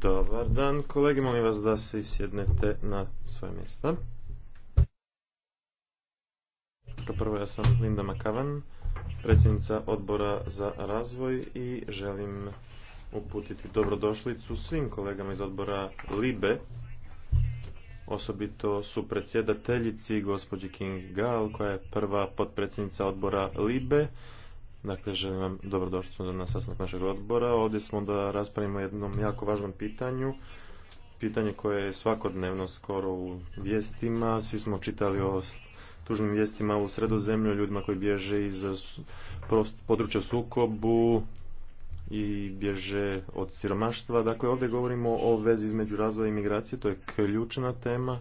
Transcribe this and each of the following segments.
Dobar dan, kolegi, molim vas da se sjednete na svoje mjesta. Prvo ja sam Linda Makavan, predsjednica odbora za razvoj i želim uputiti dobrodošlicu svim kolegama iz odbora LIBE, osobito su predsjedateljici gospođi King Gal, koja je prva potpredsjednica odbora LIBE, Dakle, želim vam dobrodošli na sastanak našeg odbora. Ovdje smo da raspravimo jednom jako važnom pitanju. Pitanje koje je svakodnevno skoro u vijestima. Svi smo čitali o tužnim vijestima u sredozemlju, ljudima koji bježe iz područja sukobu i bježe od siromaštva. Dakle, ovdje govorimo o vezi između razvoja i migracije. To je ključna tema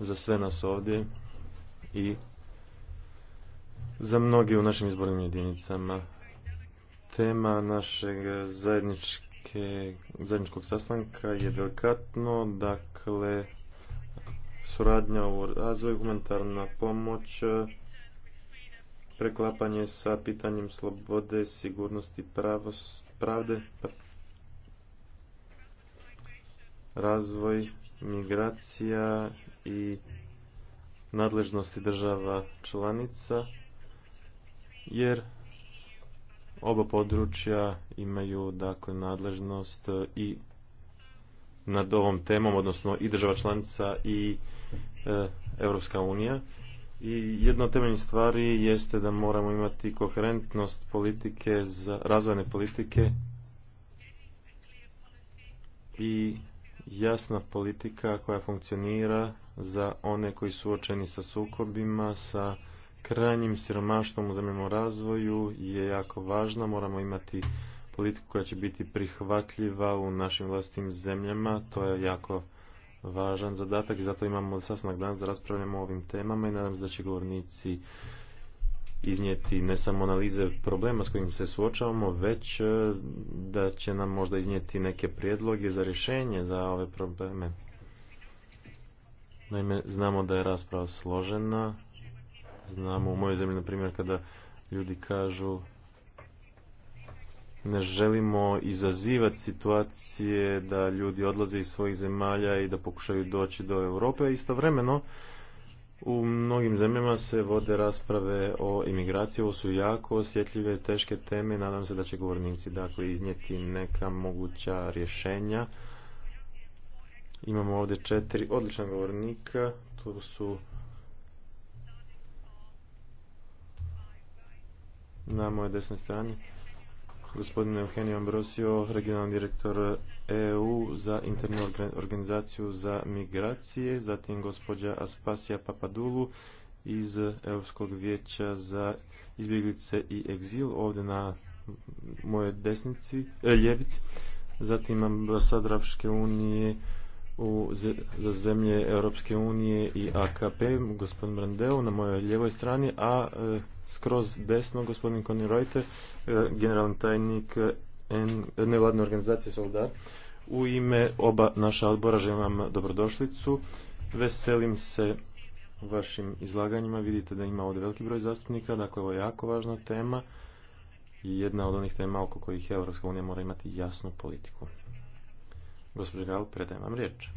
za sve nas ovdje i za mnoge u našim izbornim jedinicama. Tema našeg zajedničke, zajedničkog sastanka je delikatno, dakle, suradnja u razvoju, humanitarna pomoć, preklapanje sa pitanjem slobode, sigurnosti, pravde, pa- razvoj, migracija i nadležnosti država članica jer oba područja imaju dakle nadležnost e, i nad ovom temom, odnosno i država članica i e, Europska unija. I jedna od temeljnih stvari jeste da moramo imati koherentnost politike za razvojne politike i jasna politika koja funkcionira za one koji su sa sukobima, sa krajnjim siromaštvom u zemljom razvoju je jako važna. Moramo imati politiku koja će biti prihvatljiva u našim vlastitim zemljama. To je jako važan zadatak i zato imamo sastanak danas da raspravljamo o ovim temama i nadam se da će govornici iznijeti ne samo analize problema s kojim se suočavamo, već e, da će nam možda iznijeti neke prijedloge za rješenje za ove probleme. Naime, znamo da je rasprava složena, znamo u mojoj zemlji, na primjer, kada ljudi kažu ne želimo izazivati situacije da ljudi odlaze iz svojih zemalja i da pokušaju doći do Europe. Istovremeno, u mnogim zemljama se vode rasprave o imigraciji. Ovo su jako osjetljive, teške teme. Nadam se da će govornici dakle, iznijeti neka moguća rješenja. Imamo ovdje četiri odlična govornika. Tu su na moje desnoj strani gospodin Eugenio Ambrosio, regionalni direktor EU za internu organizaciju za migracije, zatim gospođa Aspasija Papadulu iz Europskog vijeća za izbjeglice i egzil ovdje na mojoj desnici, e, ljevici, zatim ambasador Afričke unije u, za zemlje Europske unije i AKP, gospodin Brandeo na mojoj ljevoj strani, a e, skroz desno, gospodin Conny Reuter, e, generalni tajnik e, nevladne organizacije Soldar. U ime oba naša odbora želim vam dobrodošlicu. Veselim se vašim izlaganjima. Vidite da ima ovdje veliki broj zastupnika, dakle ovo je jako važna tema i jedna od onih tema oko kojih Europska unija mora imati jasnu politiku. Gospodin Gal, predajem vam riječ.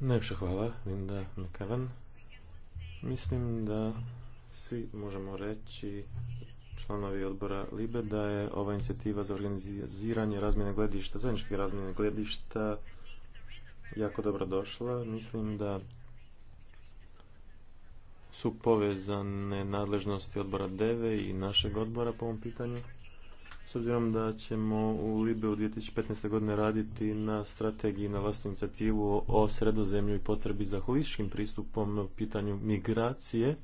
Najpša hvala, Linda McCavan. Mislim da svi možemo reći članovi odbora LIBE da je ova inicijativa za organiziranje razmjene gledišta, zajedničke razmjene gledišta jako dobro došla. Mislim da su povezane nadležnosti odbora DEVE i našeg odbora po ovom pitanju. S obzirom da ćemo u Libe u 2015. godine raditi na strategiji na vlastnu inicijativu o sredozemlju i potrebi za holističkim pristupom pitanju migracije,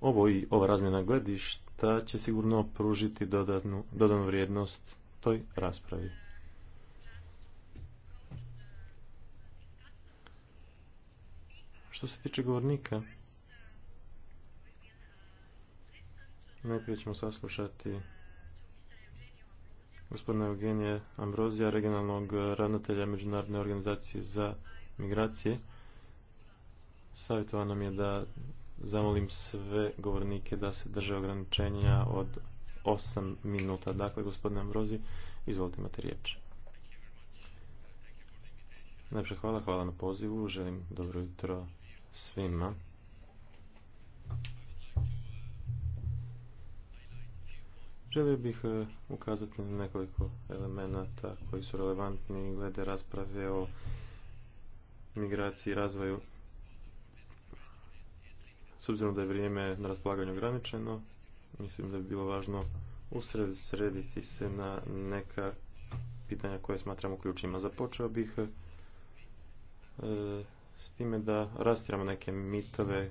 ovo i ova razmjena gledišta će sigurno pružiti dodatnu, dodanu vrijednost toj raspravi. Što se tiče govornika, najprije ćemo saslušati gospodina Eugenije Ambrozija, regionalnog ravnatelja Međunarodne organizacije za migracije. Savjetovano nam je da zamolim sve govornike da se drže ograničenja od 8 minuta. Dakle, gospodine Ambrozi, izvolite imate riječ. Najprije hvala, hvala na pozivu. Želim dobro jutro svima. Želio bih e, ukazati na nekoliko elemenata koji su relevantni glede rasprave o migraciji i razvoju. S obzirom da je vrijeme na raspolaganju ograničeno, mislim da bi bilo važno usrediti se na neka pitanja koje smatramo ključima. Započeo bih e, s time da rastiramo neke mitove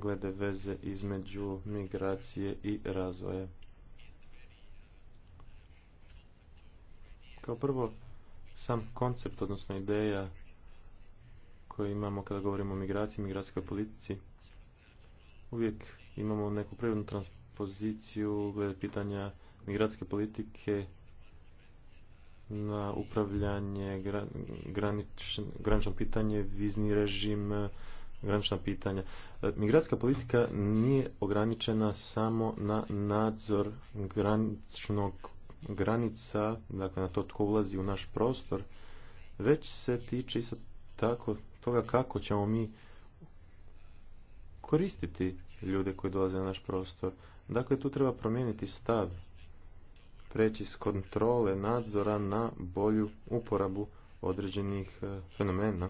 glede veze između migracije i razvoja. Kao prvo, sam koncept, odnosno ideja koju imamo kada govorimo o migraciji, migracijskoj politici, uvijek imamo neku prirodnu transpoziciju glede pitanja migracijske politike na upravljanje, granično pitanje, vizni režim, granična pitanja. E, Migratska politika nije ograničena samo na nadzor graničnog granica, dakle na to tko ulazi u naš prostor, već se tiče isto tako toga kako ćemo mi koristiti ljude koji dolaze na naš prostor. Dakle, tu treba promijeniti stav, preći s kontrole, nadzora na bolju uporabu određenih e, fenomena.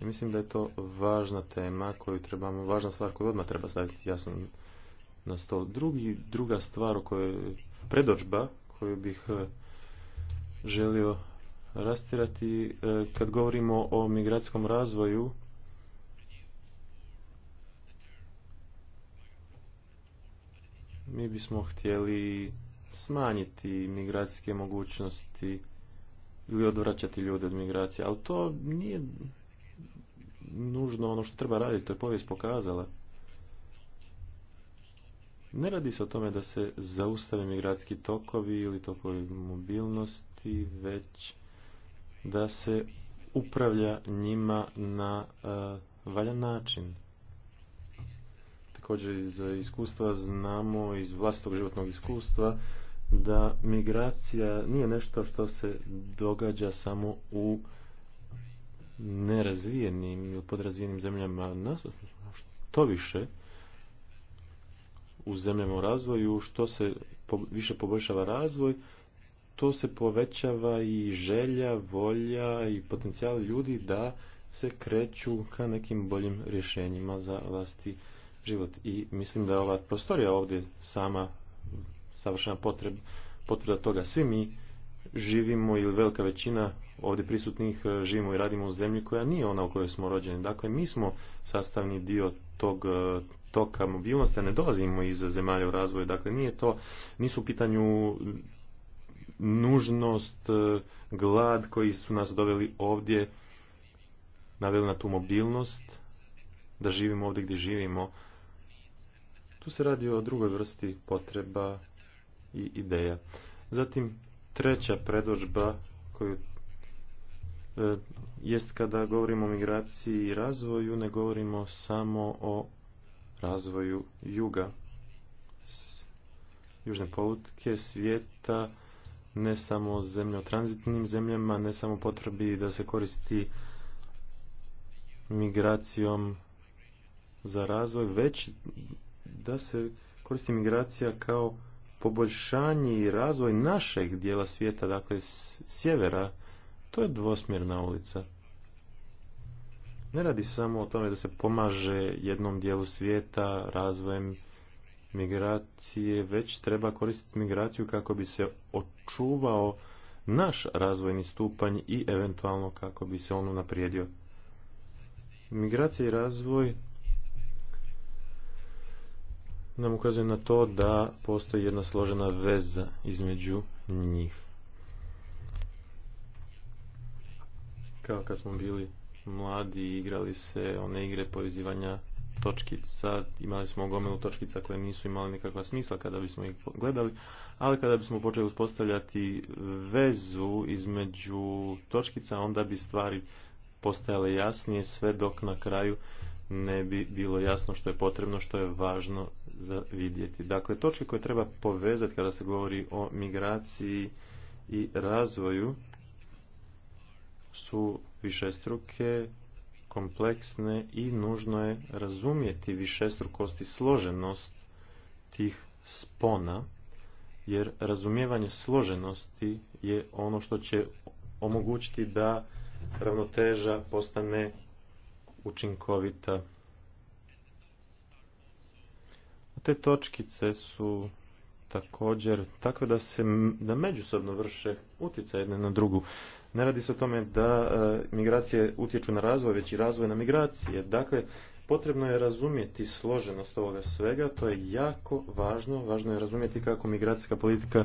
I mislim da je to važna tema koju trebamo, važna stvar koju odmah treba staviti jasno na stol. Drugi, druga stvar o kojoj predođba koju bih eh, želio rastirati eh, kad govorimo o migracijskom razvoju mi bismo htjeli smanjiti migracijske mogućnosti ili odvraćati ljude od migracije, ali to nije nužno ono što treba raditi, to je povijest pokazala. Ne radi se o tome da se zaustave migratski tokovi ili tokovi mobilnosti, već da se upravlja njima na e, valjan način. Također iz iskustva znamo, iz vlastitog životnog iskustva, da migracija nije nešto što se događa samo u nerazvijenim ili podrazvijenim zemljama što više u zemljama u razvoju, što se više poboljšava razvoj, to se povećava i želja, volja i potencijal ljudi da se kreću ka nekim boljim rješenjima za vlasti život. I mislim da je ova prostorija ovdje sama savršena potreba, potvrda toga. Svi mi živimo ili velika većina ovdje prisutnih e, živimo i radimo u zemlji koja nije ona u kojoj smo rođeni. Dakle, mi smo sastavni dio tog e, toka mobilnosti, ne dolazimo iz zemalja u razvoju. Dakle, nije to, nisu u pitanju nužnost, e, glad koji su nas doveli ovdje, naveli na tu mobilnost, da živimo ovdje gdje živimo. Tu se radi o drugoj vrsti potreba i ideja. Zatim, treća predložba koju E, jest kada govorimo o migraciji i razvoju, ne govorimo samo o razvoju juga, južne polutke svijeta, ne samo zemlje o tranzitnim zemljama, ne samo potrebi da se koristi migracijom za razvoj, već da se koristi migracija kao poboljšanje i razvoj našeg dijela svijeta, dakle sjevera to je dvosmjerna ulica. Ne radi samo o tome da se pomaže jednom dijelu svijeta razvojem migracije, već treba koristiti migraciju kako bi se očuvao naš razvojni stupanj i eventualno kako bi se on unaprijedio. Migracija i razvoj nam ukazuje na to da postoji jedna složena veza između njih. Kao kad smo bili mladi i igrali se one igre povezivanja točkica, imali smo gomilu točkica koje nisu imali nikakva smisla kada bismo ih gledali, ali kada bismo počeli uspostavljati vezu između točkica, onda bi stvari postajale jasnije sve dok na kraju ne bi bilo jasno što je potrebno, što je važno za vidjeti. Dakle, točke koje treba povezati kada se govori o migraciji i razvoju su višestruke, kompleksne i nužno je razumjeti višestrukost i složenost tih spona, jer razumijevanje složenosti je ono što će omogućiti da ravnoteža postane učinkovita. Te točkice su također tako da se da međusobno vrše utjecaj jedne na drugu. Ne radi se o tome da e, migracije utječu na razvoj, već i razvoj na migracije. Dakle, potrebno je razumjeti složenost ovoga svega, to je jako važno, važno je razumjeti kako migracijska politika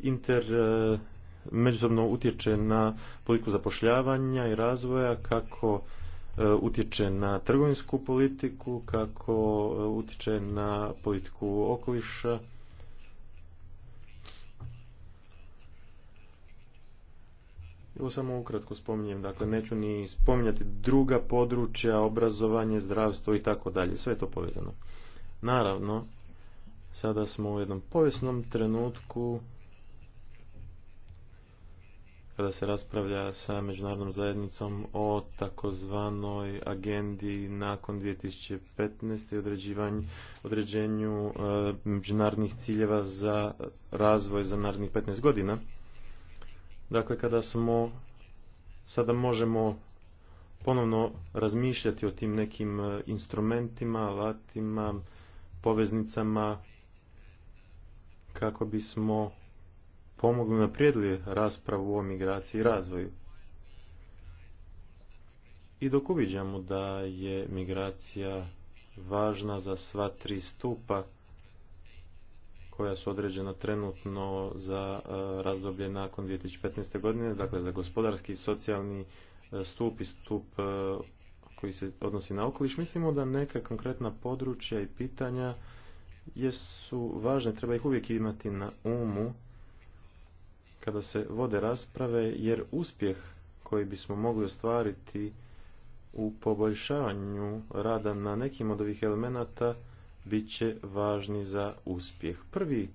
inter e, međusobno utječe na politiku zapošljavanja i razvoja, kako e, utječe na trgovinsku politiku, kako utječe na politiku okoliša Evo samo ukratko spominjem, dakle neću ni spominjati druga područja, obrazovanje, zdravstvo i tako dalje, sve je to povezano. Naravno, sada smo u jednom povijesnom trenutku kada se raspravlja sa međunarodnom zajednicom o takozvanoj agendi nakon 2015. i određenju e, međunarodnih ciljeva za razvoj za narednih 15 godina. Dakle, kada smo, sada možemo ponovno razmišljati o tim nekim e, instrumentima, alatima, poveznicama, kako bismo pomogli naprijedili raspravu o migraciji i razvoju. I dok uviđamo da je migracija važna za sva tri stupa koja su određena trenutno za e, razdoblje nakon 2015. godine, dakle za gospodarski i socijalni e, stup i stup e, koji se odnosi na okoliš. Mislimo da neka konkretna područja i pitanja jesu važne, treba ih uvijek imati na umu kada se vode rasprave, jer uspjeh koji bismo mogli ostvariti u poboljšavanju rada na nekim od ovih elemenata bit će važni za uspjeh. Prvi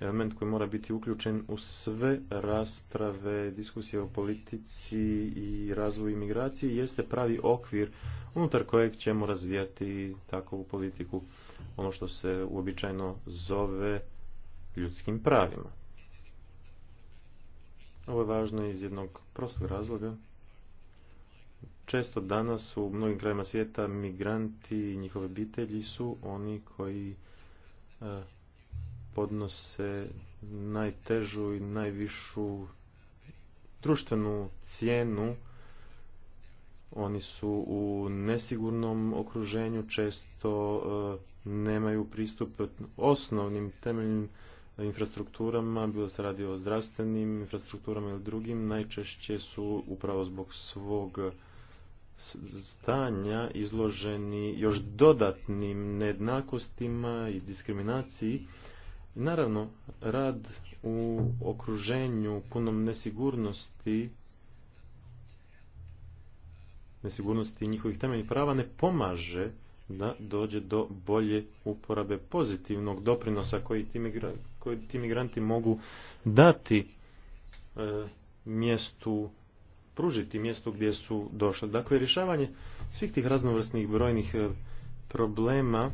element koji mora biti uključen u sve rasprave, diskusije o politici i razvoju imigracije jeste pravi okvir unutar kojeg ćemo razvijati takovu politiku, ono što se uobičajeno zove ljudskim pravima. Ovo je važno iz jednog prostog razloga često danas u mnogim krajima svijeta migranti i njihove obitelji su oni koji e, podnose najtežu i najvišu društvenu cijenu oni su u nesigurnom okruženju često e, nemaju pristup osnovnim temeljnim infrastrukturama, bilo se radi o zdravstvenim infrastrukturama ili drugim, najčešće su upravo zbog svog stanja izloženi još dodatnim nejednakostima i diskriminaciji. Naravno, rad u okruženju punom nesigurnosti nesigurnosti njihovih temeljnih prava ne pomaže da dođe do bolje uporabe pozitivnog doprinosa koji ti, migranti, koji ti migranti mogu dati e, mjestu pružiti mjesto gdje su došli. Dakle, rješavanje svih tih raznovrsnih brojnih e, problema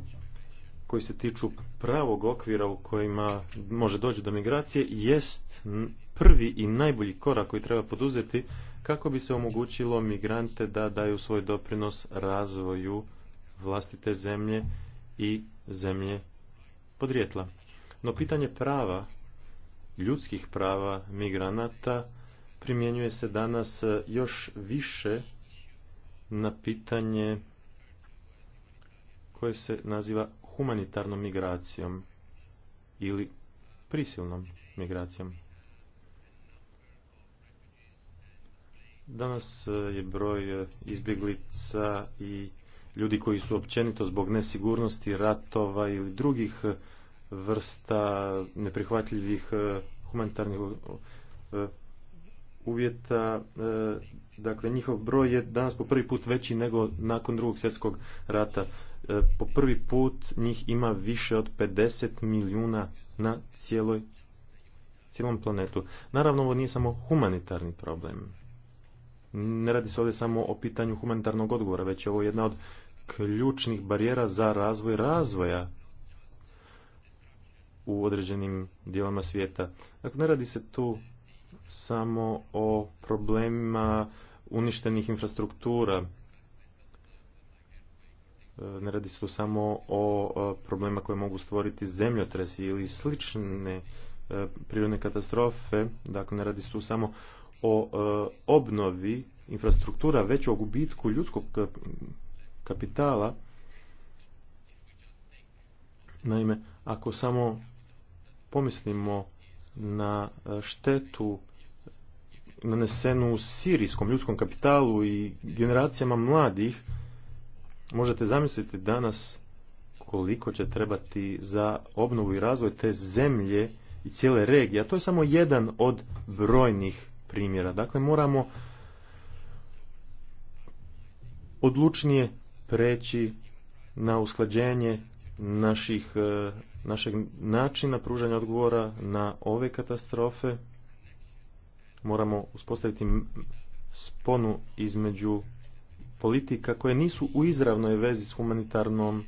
koji se tiču pravog okvira u kojima može doći do migracije jest prvi i najbolji korak koji treba poduzeti kako bi se omogućilo migrante da daju svoj doprinos razvoju vlastite zemlje i zemlje podrijetla. No pitanje prava, ljudskih prava migranata primjenjuje se danas e, još više na pitanje koje se naziva humanitarnom migracijom ili prisilnom migracijom. Danas e, je broj e, izbjeglica i ljudi koji su općenito zbog nesigurnosti ratova ili drugih vrsta neprihvatljivih humanitarnih uvjeta, e, dakle njihov broj je danas po prvi put veći nego nakon drugog svjetskog rata. E, po prvi put njih ima više od 50 milijuna na cijeloj cijelom planetu. Naravno, ovo nije samo humanitarni problem. Ne radi se ovdje samo o pitanju humanitarnog odgovora, već je ovo jedna od ključnih barijera za razvoj razvoja u određenim dijelama svijeta. Dakle, ne radi se tu samo o problemima uništenih infrastruktura. E, ne radi se tu samo o problema koje mogu stvoriti zemljotresi ili slične e, prirodne katastrofe. Dakle, ne radi se tu samo o e, obnovi infrastruktura, već o gubitku ljudskog kapitala. Naime, ako samo pomislimo na e, štetu nanesenu sirijskom ljudskom kapitalu i generacijama mladih, možete zamisliti danas koliko će trebati za obnovu i razvoj te zemlje i cijele regije. A to je samo jedan od brojnih primjera. Dakle, moramo odlučnije preći na usklađenje naših, e, našeg načina pružanja odgovora na ove katastrofe. Moramo uspostaviti sponu između politika koje nisu u izravnoj vezi s humanitarnom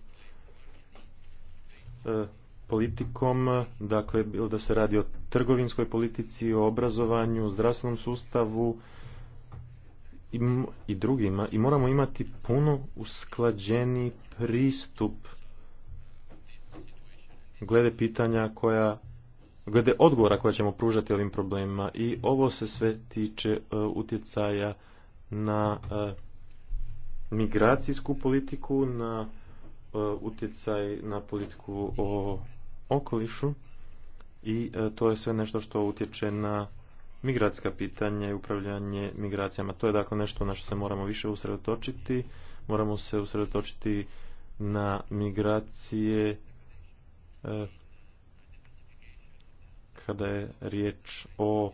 e, politikom, dakle bilo da se radi o trgovinskoj politici, o obrazovanju, zdravstvenom sustavu i, i drugima. I moramo imati puno usklađeni pristup glede pitanja koja glede odgovora koja ćemo pružati ovim problemima i ovo se sve tiče e, utjecaja na e, migracijsku politiku, na e, utjecaj na politiku o okolišu i to je sve nešto što utječe na migracijska pitanja i upravljanje migracijama. To je dakle nešto na što se moramo više usredotočiti. Moramo se usredotočiti na migracije E, kada je riječ o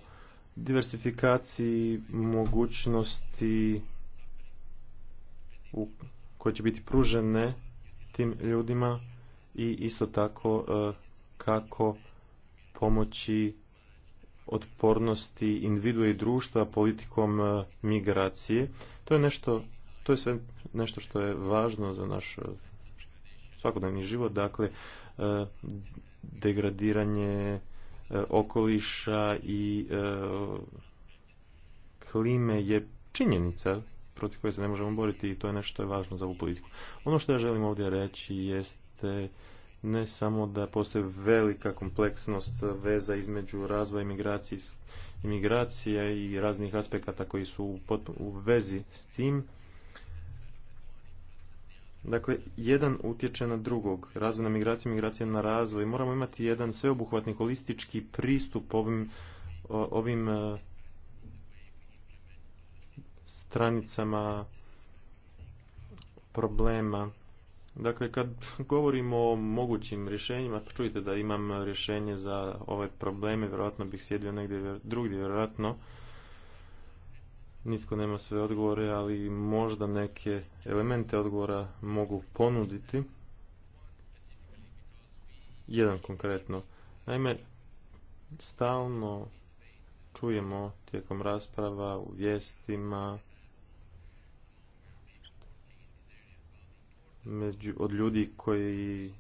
diversifikaciji mogućnosti koje će biti pružene tim ljudima i isto tako e, kako pomoći otpornosti individua i društva politikom e, migracije. To je nešto, to je sve nešto što je važno za naš svakodnevni život, dakle e, degradiranje e, okoliša i e, klime je činjenica protiv koje se ne možemo boriti i to je nešto što je važno za ovu politiku. Ono što ja želim ovdje reći jeste ne samo da postoji velika kompleksnost veza između razvoja imigracija i raznih aspekata koji su u vezi s tim, Dakle, jedan utječe na drugog. Razvoj na migraciju, migracija na razvoj. Moramo imati jedan sveobuhvatni holistički pristup ovim, ovim e, stranicama problema. Dakle, kad govorimo o mogućim rješenjima, pa čujte da imam rješenje za ove probleme, vjerojatno bih sjedio negdje drugdje, vjerojatno Nitko nema sve odgovore, ali možda neke elemente odgovora mogu ponuditi. Jedan konkretno. Naime, stalno čujemo tijekom rasprava u vijestima među, od ljudi koji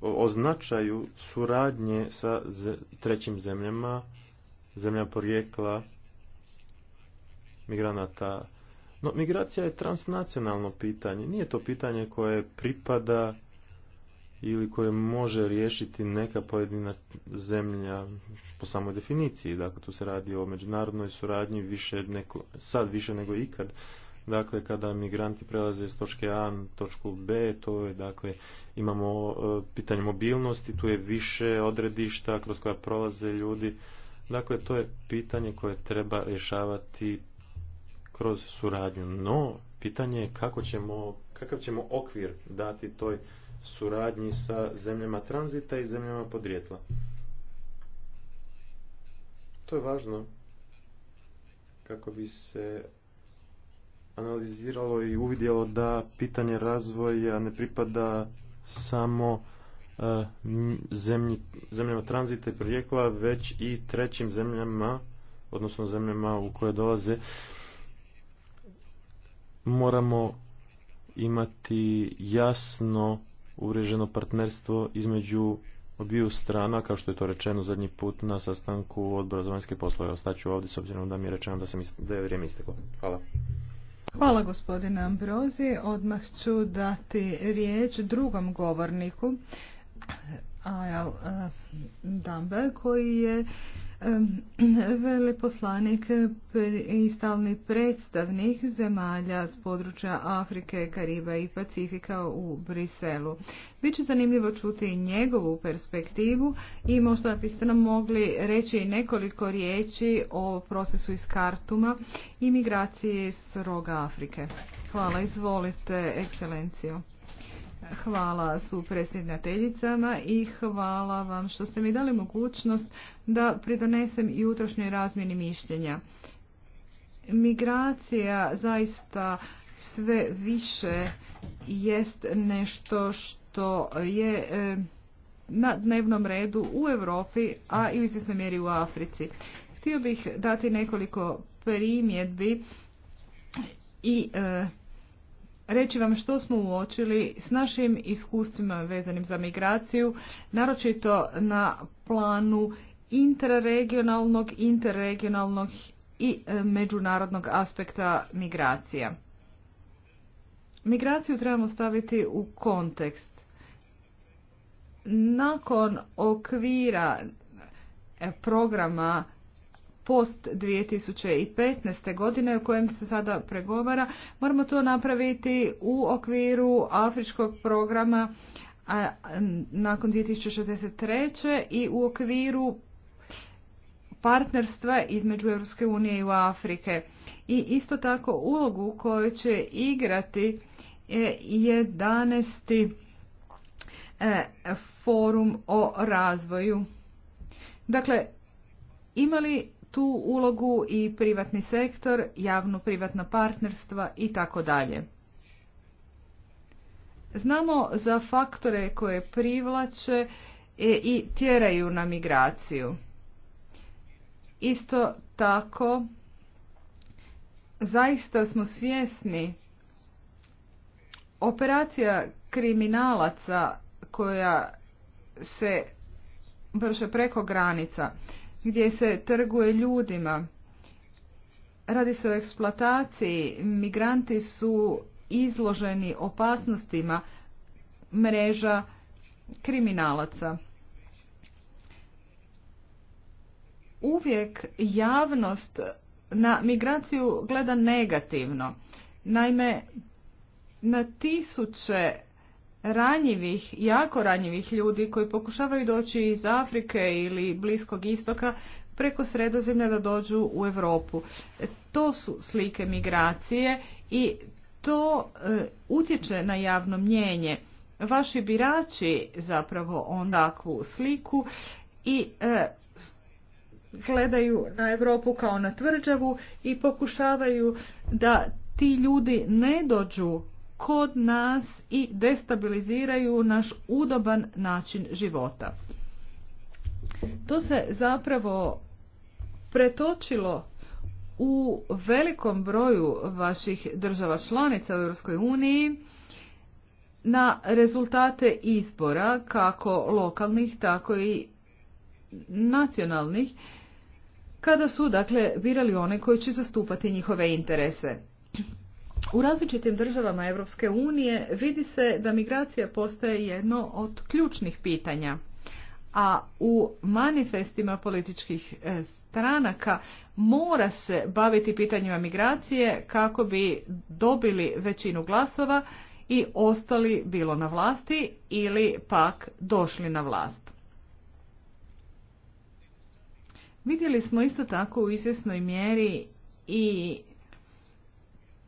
označaju suradnje sa trećim zemljama, zemlja porijekla migranata. No, migracija je transnacionalno pitanje. Nije to pitanje koje pripada ili koje može riješiti neka pojedina zemlja po samoj definiciji. Dakle, tu se radi o međunarodnoj suradnji više neko, sad više nego ikad. Dakle, kada migranti prelaze s točke A na točku B, to je, dakle, imamo e, pitanje mobilnosti, tu je više odredišta kroz koja prolaze ljudi. Dakle, to je pitanje koje treba rješavati kroz suradnju. No, pitanje je kako ćemo, kakav ćemo okvir dati toj suradnji sa zemljama tranzita i zemljama podrijetla. To je važno kako bi se analiziralo i uvidjelo da pitanje razvoja ne pripada samo e, zemljama tranzita i porijekla, već i trećim zemljama, odnosno zemljama u koje dolaze moramo imati jasno ureženo partnerstvo između obiju strana, kao što je to rečeno zadnji put na sastanku odbora za vanjske poslove. Ostaću ovdje s obzirom da mi je rečeno da, sam, da je vrijeme isteklo. Hvala. Hvala gospodine Ambrozi. Odmah ću dati riječ drugom govorniku, Ajal eh, Dambe, koji je Veleposlanik i stalni predstavnik zemalja s područja Afrike, Kariba i Pacifika u Briselu. Biće zanimljivo čuti njegovu perspektivu i možda biste nam mogli reći nekoliko riječi o procesu iz Kartuma i migraciji s roga Afrike. Hvala, izvolite, ekscelencijo. Hvala su predsjedateljicama i hvala vam što ste mi dali mogućnost da pridonesem i utrošnjoj razmjeni mišljenja. Migracija zaista sve više jest nešto što je e, na dnevnom redu u Europi, a i u izvjesnoj mjeri u Africi. Htio bih dati nekoliko primjedbi i e, reći vam što smo uočili s našim iskustvima vezanim za migraciju, naročito na planu interregionalnog, interregionalnog i e, međunarodnog aspekta migracija. Migraciju trebamo staviti u kontekst. Nakon okvira e, programa post 2015. godine o kojem se sada pregovara. Moramo to napraviti u okviru afričkog programa a, nakon 2063. i u okviru partnerstva između Europske unije i Afrike. I isto tako ulogu koju će igrati e, je 11. E, forum o razvoju. Dakle, imali tu ulogu i privatni sektor, javno-privatna partnerstva i tako dalje. Znamo za faktore koje privlače e, i tjeraju na migraciju. Isto tako, zaista smo svjesni operacija kriminalaca koja se vrše preko granica gdje se trguje ljudima. Radi se o eksploataciji, migranti su izloženi opasnostima mreža kriminalaca. Uvijek javnost na migraciju gleda negativno. Naime, na tisuće ranjivih, jako ranjivih ljudi koji pokušavaju doći iz Afrike ili Bliskog istoka preko sredozemlja da dođu u Europu. E, to su slike migracije i to e, utječe na javno mnjenje. Vaši birači zapravo ondakvu sliku i e, gledaju na Europu kao na tvrđavu i pokušavaju da ti ljudi ne dođu kod nas i destabiliziraju naš udoban način života. To se zapravo pretočilo u velikom broju vaših država članica u EU na rezultate izbora kako lokalnih tako i nacionalnih kada su dakle birali one koji će zastupati njihove interese. U različitim državama Europske unije vidi se da migracija postaje jedno od ključnih pitanja. A u manifestima političkih e, stranaka mora se baviti pitanjima migracije kako bi dobili većinu glasova i ostali bilo na vlasti ili pak došli na vlast. Vidjeli smo isto tako u izvjesnoj mjeri i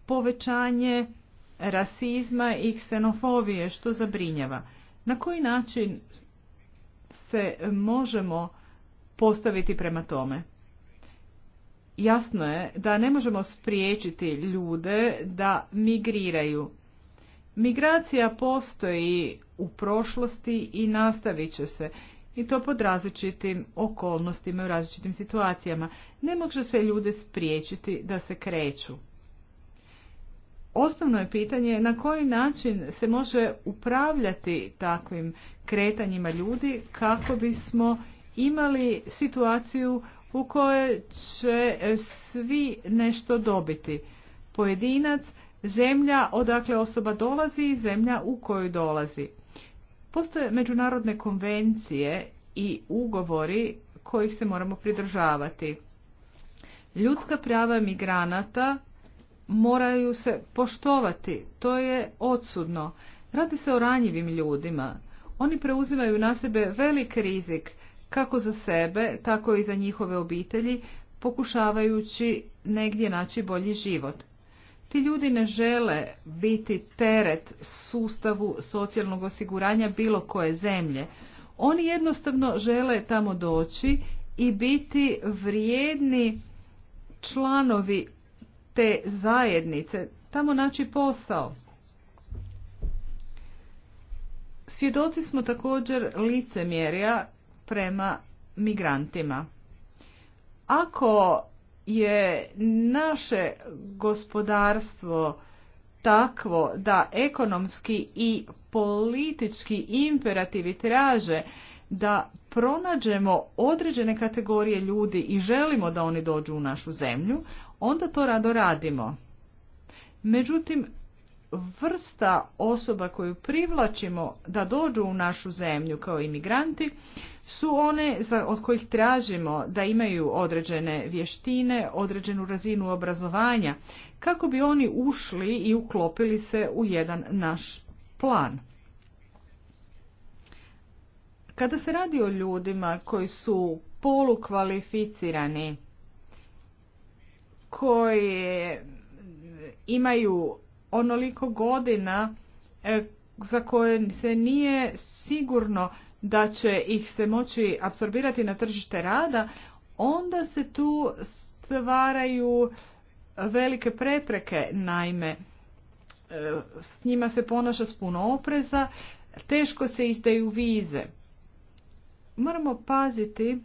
povećanje rasizma i ksenofobije, što zabrinjava. Na koji način se možemo postaviti prema tome? Jasno je da ne možemo spriječiti ljude da migriraju. Migracija postoji u prošlosti i nastavit će se i to pod različitim okolnostima i u različitim situacijama. Ne može se ljude spriječiti da se kreću. Osnovno je pitanje na koji način se može upravljati takvim kretanjima ljudi kako bismo imali situaciju u kojoj će svi nešto dobiti. Pojedinac, zemlja odakle osoba dolazi i zemlja u kojoj dolazi. Postoje međunarodne konvencije i ugovori kojih se moramo pridržavati. Ljudska prava migranata moraju se poštovati. To je odsudno. Radi se o ranjivim ljudima. Oni preuzimaju na sebe velik rizik, kako za sebe, tako i za njihove obitelji, pokušavajući negdje naći bolji život. Ti ljudi ne žele biti teret sustavu socijalnog osiguranja bilo koje zemlje. Oni jednostavno žele tamo doći i biti vrijedni članovi te zajednice tamo naći posao. Svjedoci smo također licemjerja prema migrantima. Ako je naše gospodarstvo takvo da ekonomski i politički imperativi traže da pronađemo određene kategorije ljudi i želimo da oni dođu u našu zemlju, onda to rado radimo. Međutim, vrsta osoba koju privlačimo da dođu u našu zemlju kao imigranti su one od kojih tražimo da imaju određene vještine, određenu razinu obrazovanja kako bi oni ušli i uklopili se u jedan naš plan. Kada se radi o ljudima koji su polukvalificirani, koji imaju onoliko godina e, za koje se nije sigurno da će ih se moći apsorbirati na tržište rada, onda se tu stvaraju velike prepreke, naime, e, s njima se ponaša s puno opreza, teško se izdaju vize moramo paziti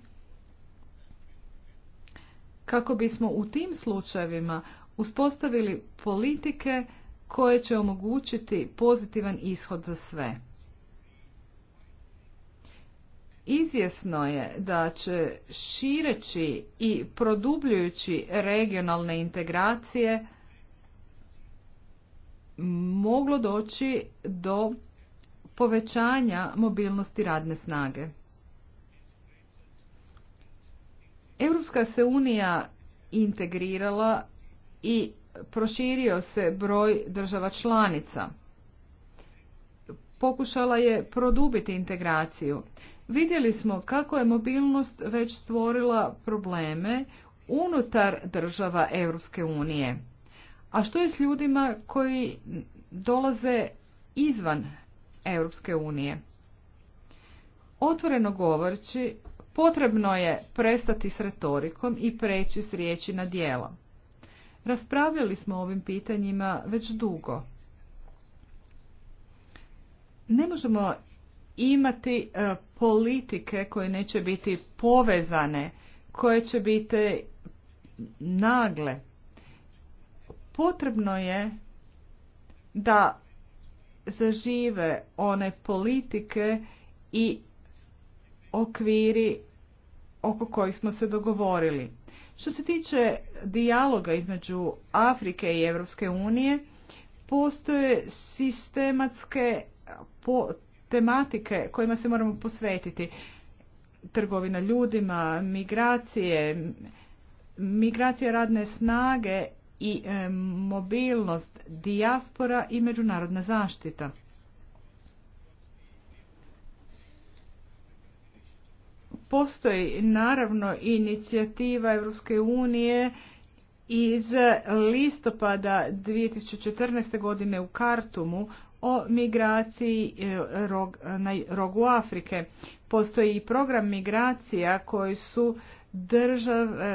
kako bismo u tim slučajevima uspostavili politike koje će omogućiti pozitivan ishod za sve. Izvjesno je da će šireći i produbljujući regionalne integracije moglo doći do povećanja mobilnosti radne snage. Europska se unija integrirala i proširio se broj država članica. Pokušala je produbiti integraciju. Vidjeli smo kako je mobilnost već stvorila probleme unutar država Europske unije. A što je s ljudima koji dolaze izvan Europske unije? Otvoreno govoreći, Potrebno je prestati s retorikom i preći s riječi na dijela. Raspravljali smo o ovim pitanjima već dugo. Ne možemo imati e, politike koje neće biti povezane, koje će biti nagle. Potrebno je da zažive one politike i okviri oko kojih smo se dogovorili. Što se tiče dijaloga između Afrike i Europske unije, postoje sistematske tematike kojima se moramo posvetiti. Trgovina ljudima, migracije, migracija radne snage i e, mobilnost, dijaspora i međunarodna zaštita. Postoji naravno inicijativa Europske unije iz listopada 2014. godine u Kartumu o migraciji e, na rogu Afrike. Postoji i program migracija koji su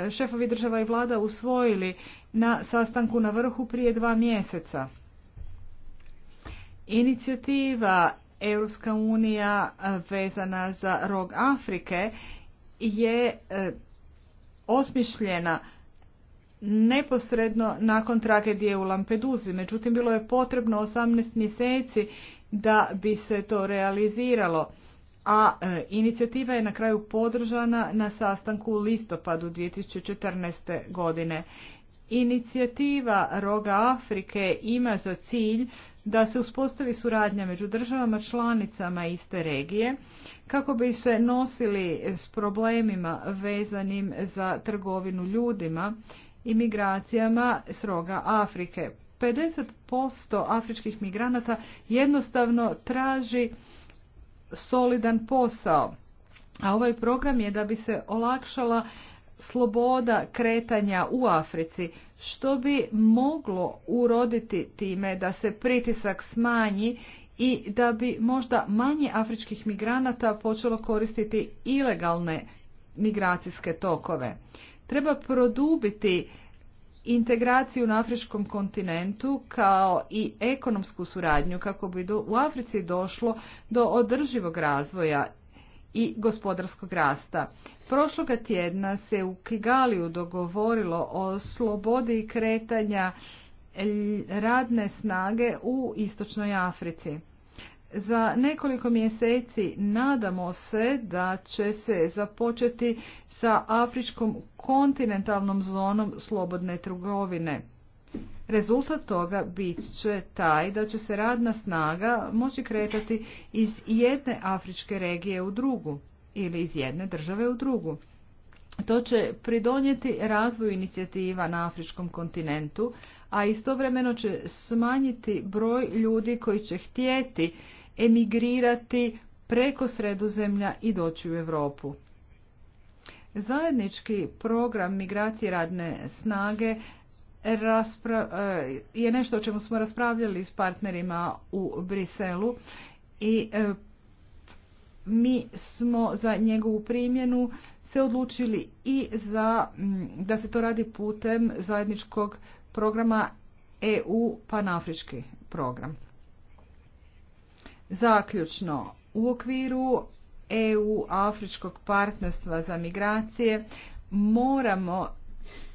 e, šefovi država i vlada usvojili na sastanku na vrhu prije dva mjeseca. Inicijativa Europska unija e, vezana za rog Afrike je e, osmišljena neposredno nakon tragedije u Lampeduzi. Međutim, bilo je potrebno 18 mjeseci da bi se to realiziralo. A e, inicijativa je na kraju podržana na sastanku u listopadu 2014. godine. Inicijativa Roga Afrike ima za cilj da se uspostavi suradnja među državama članicama iste regije kako bi se nosili s problemima vezanim za trgovinu ljudima i migracijama s roga Afrike. 50% afričkih migranata jednostavno traži solidan posao, a ovaj program je da bi se olakšala sloboda kretanja u Africi, što bi moglo uroditi time da se pritisak smanji i da bi možda manje afričkih migranata počelo koristiti ilegalne migracijske tokove. Treba produbiti integraciju na afričkom kontinentu kao i ekonomsku suradnju kako bi do, u Africi došlo do održivog razvoja i gospodarskog rasta. Prošloga tjedna se u Kigaliju dogovorilo o slobodi kretanja radne snage u istočnoj Africi. Za nekoliko mjeseci nadamo se da će se započeti sa afričkom kontinentalnom zonom slobodne trgovine. Rezultat toga bit će taj da će se radna snaga moći kretati iz jedne afričke regije u drugu ili iz jedne države u drugu. To će pridonijeti razvoju inicijativa na afričkom kontinentu, a istovremeno će smanjiti broj ljudi koji će htjeti emigrirati preko sredozemlja i doći u Europu. Zajednički program migracije radne snage E, je nešto o čemu smo raspravljali s partnerima u Briselu i e, mi smo za njegovu primjenu se odlučili i za da se to radi putem zajedničkog programa EU panafrički program. Zaključno, u okviru EU afričkog partnerstva za migracije moramo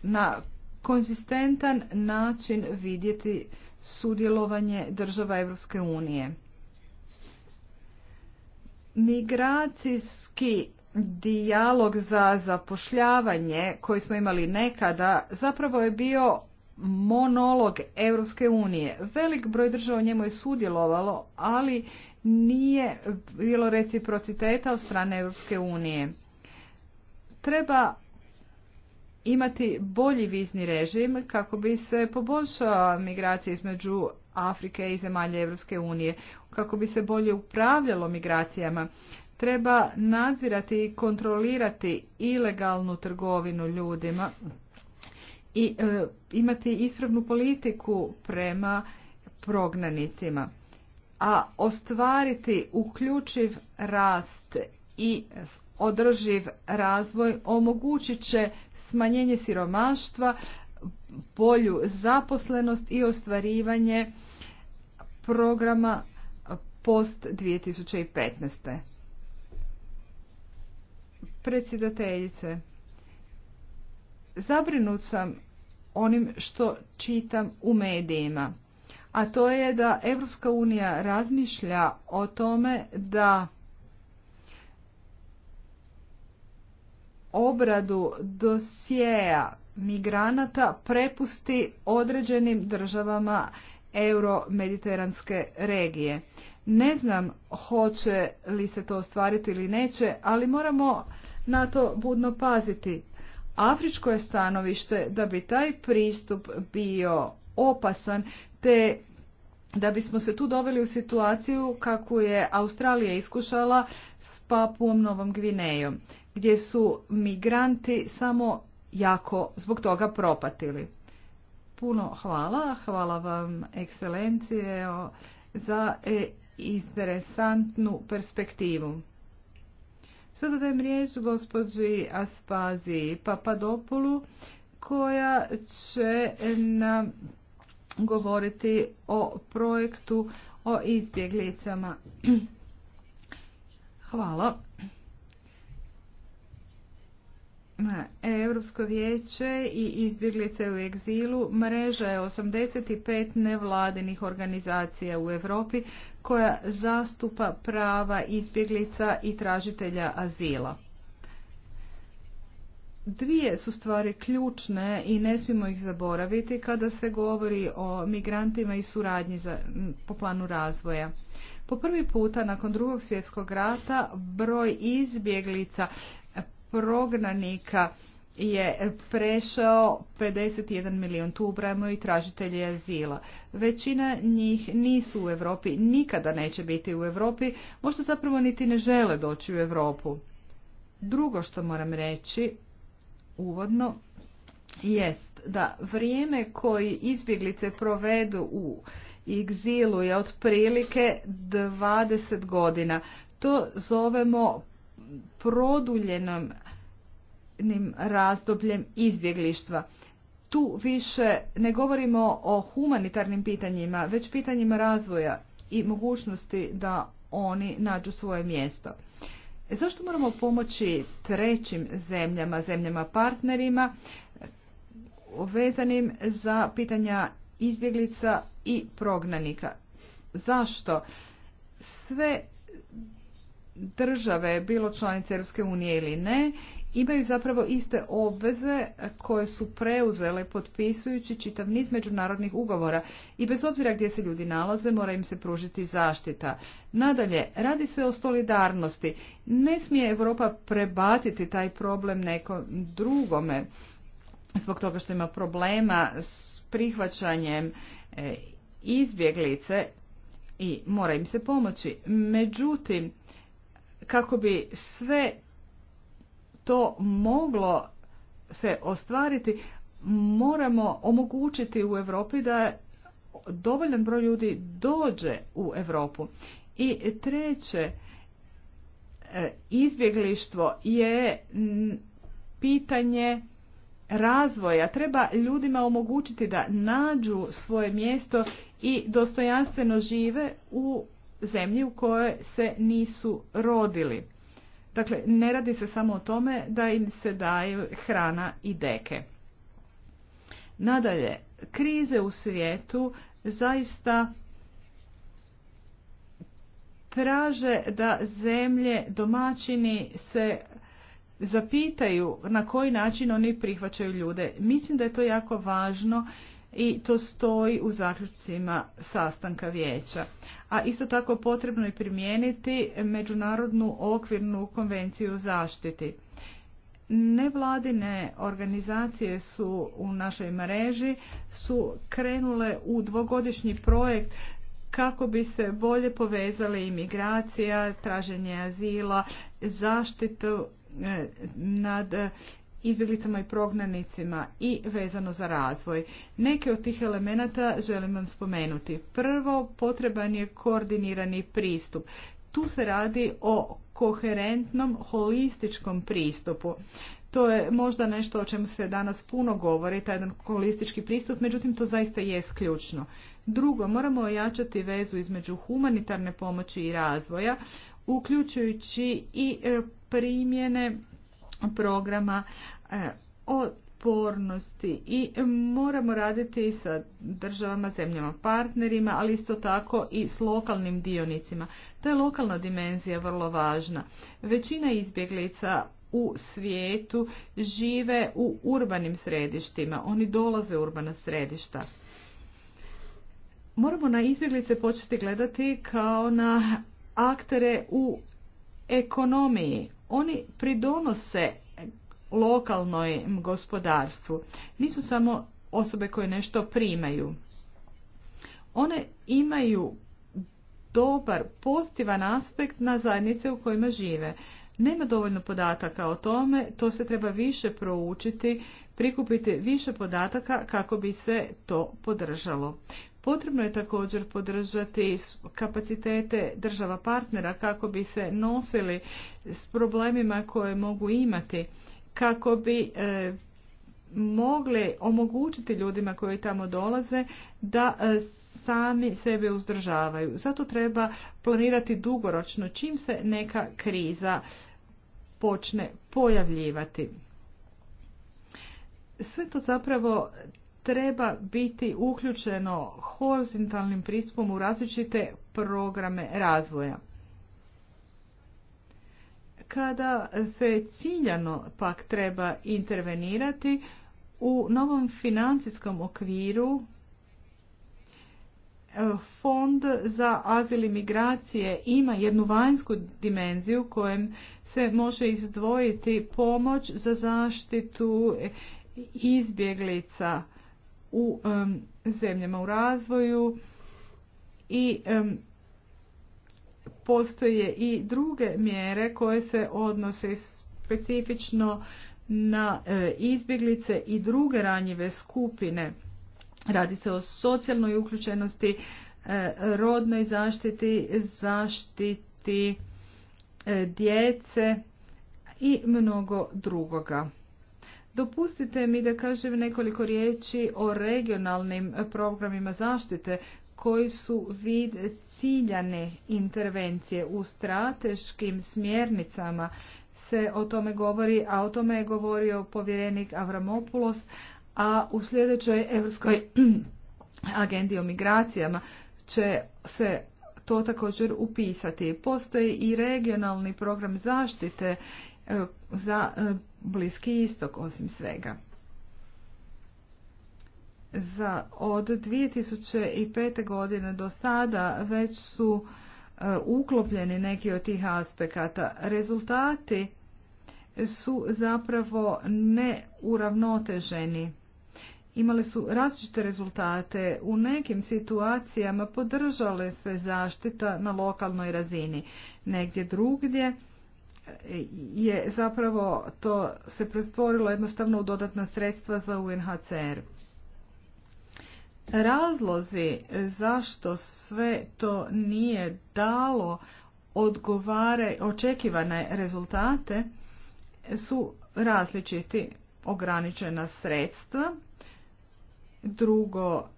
na konzistentan način vidjeti sudjelovanje država Europske unije. Migracijski dijalog za zapošljavanje koji smo imali nekada zapravo je bio monolog Europske unije. Velik broj država u njemu je sudjelovalo, ali nije bilo reciprociteta od strane Europske unije. Treba imati bolji vizni režim kako bi se poboljšala migracija između Afrike i zemalja Europske unije, kako bi se bolje upravljalo migracijama. Treba nadzirati i kontrolirati ilegalnu trgovinu ljudima i e, imati ispravnu politiku prema prognanicima, a ostvariti uključiv rast i održiv razvoj omogućit će smanjenje siromaštva, bolju zaposlenost i ostvarivanje programa post 2015. Predsjedateljice, zabrinut sam onim što čitam u medijima, a to je da Europska unija razmišlja o tome da obradu dosjeja migranata prepusti određenim državama euromediteranske regije. Ne znam hoće li se to ostvariti ili neće, ali moramo na to budno paziti. Afričko je stanovište da bi taj pristup bio opasan te da bismo se tu doveli u situaciju kako je Australija iskušala s Papuom Novom Gvinejom gdje su migranti samo jako zbog toga propatili. Puno hvala, hvala vam ekscelencije za e, interesantnu perspektivu. Sada dajem riječ gospođi Aspazi Papadopulu koja će nam govoriti o projektu o izbjeglicama. Hvala. Europsko vijeće i izbjeglice u egzilu mreža je 85 nevladinih organizacija u Europi koja zastupa prava izbjeglica i tražitelja azila. Dvije su stvari ključne i ne smijemo ih zaboraviti kada se govori o migrantima i suradnji za, po planu razvoja. Po prvi puta nakon drugog svjetskog rata broj izbjeglica prognanika je prešao 51 milijun. Tu ubrajamo i tražitelji azila. Većina njih nisu u Europi, nikada neće biti u Europi, možda zapravo niti ne žele doći u Europu. Drugo što moram reći uvodno jest da vrijeme koji izbjeglice provedu u egzilu je otprilike 20 godina. To zovemo produljenim razdobljem izbjeglištva. Tu više ne govorimo o humanitarnim pitanjima, već pitanjima razvoja i mogućnosti da oni nađu svoje mjesto. E, zašto moramo pomoći trećim zemljama, zemljama partnerima, vezanim za pitanja izbjeglica i prognanika? Zašto? Sve države, bilo članice Europske unije ili ne, imaju zapravo iste obveze koje su preuzele potpisujući čitav niz međunarodnih ugovora i bez obzira gdje se ljudi nalaze mora im se pružiti zaštita. Nadalje, radi se o solidarnosti. Ne smije Europa prebatiti taj problem nekom drugome zbog toga što ima problema s prihvaćanjem e, izbjeglice i mora im se pomoći. Međutim, kako bi sve to moglo se ostvariti, moramo omogućiti u Europi da dovoljan broj ljudi dođe u Europu. I treće, e, izbjeglištvo je pitanje razvoja. Treba ljudima omogućiti da nađu svoje mjesto i dostojanstveno žive u zemlji u kojoj se nisu rodili. Dakle, ne radi se samo o tome da im se daju hrana i deke. Nadalje, krize u svijetu zaista traže da zemlje domaćini se zapitaju na koji način oni prihvaćaju ljude. Mislim da je to jako važno i to stoji u zaključcima sastanka vijeća a isto tako potrebno je primijeniti Međunarodnu okvirnu konvenciju zaštiti. Nevladine organizacije su u našoj mreži su krenule u dvogodišnji projekt kako bi se bolje povezali imigracija, traženje azila, zaštitu eh, nad izbjeglicama i prognanicima i vezano za razvoj. Neke od tih elemenata želim vam spomenuti. Prvo, potreban je koordinirani pristup. Tu se radi o koherentnom, holističkom pristupu. To je možda nešto o čemu se danas puno govori, taj jedan holistički pristup, međutim to zaista je ključno. Drugo, moramo ojačati vezu između humanitarne pomoći i razvoja, uključujući i e, primjene programa e, otpornosti i moramo raditi sa državama, zemljama, partnerima, ali isto tako i s lokalnim dionicima. Ta je lokalna dimenzija vrlo važna. Većina izbjeglica u svijetu žive u urbanim središtima. Oni dolaze u urbana središta. Moramo na izbjeglice početi gledati kao na aktere u ekonomiji, oni pridonose lokalnoj gospodarstvu. Nisu samo osobe koje nešto primaju. One imaju dobar, pozitivan aspekt na zajednice u kojima žive. Nema dovoljno podataka o tome, to se treba više proučiti, prikupiti više podataka kako bi se to podržalo. Potrebno je također podržati kapacitete država partnera kako bi se nosili s problemima koje mogu imati, kako bi e, mogli omogućiti ljudima koji tamo dolaze da e, sami sebe uzdržavaju. Zato treba planirati dugoročno čim se neka kriza počne pojavljivati. Sve to zapravo treba biti uključeno horizontalnim pristupom u različite programe razvoja. Kada se ciljano pak treba intervenirati, u novom financijskom okviru Fond za azil i migracije ima jednu vanjsku dimenziju kojem se može izdvojiti pomoć za zaštitu izbjeglica u zemljama u razvoju i postoje i druge mjere koje se odnose specifično na e, izbjeglice i druge ranjive skupine. Radi se o socijalnoj uključenosti, e, rodnoj zaštiti, zaštiti e, djece i mnogo drugoga. Dopustite mi da kažem nekoliko riječi o regionalnim programima zaštite koji su vid ciljane intervencije u strateškim smjernicama se o tome govori, a o tome je govorio povjerenik Avramopoulos, a u sljedećoj Europskoj agendi o migracijama će se to također upisati. Postoji i regionalni program zaštite e, za e, Bliski istok osim svega. Za od 2005. godine do sada već su e, uklopljeni neki od tih aspekata. Rezultati su zapravo neuravnoteženi. Imali su različite rezultate. U nekim situacijama podržale se zaštita na lokalnoj razini. Negdje drugdje je zapravo to se pretvorilo jednostavno u dodatna sredstva za UNHCR. Razlozi zašto sve to nije dalo odgovare očekivane rezultate su različiti ograničena sredstva, drugo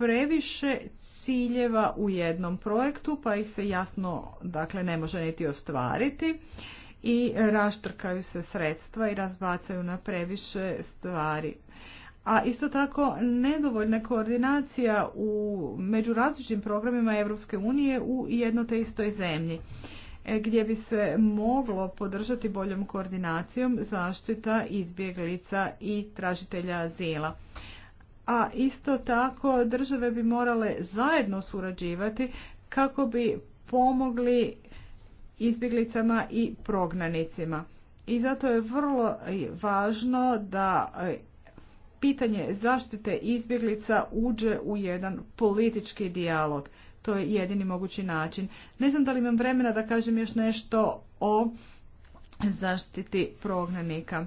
previše ciljeva u jednom projektu pa ih se jasno dakle ne može niti ostvariti i raštrkaju se sredstva i razbacaju na previše stvari. A isto tako nedovoljna koordinacija u, među različitim programima Europske unije u jedno te istoj zemlji e, gdje bi se moglo podržati boljom koordinacijom zaštita izbjeglica i tražitelja azila a isto tako države bi morale zajedno surađivati kako bi pomogli izbjeglicama i prognanicima. I zato je vrlo važno da e, pitanje zaštite izbjeglica uđe u jedan politički dijalog. To je jedini mogući način. Ne znam da li imam vremena da kažem još nešto o zaštiti prognanika.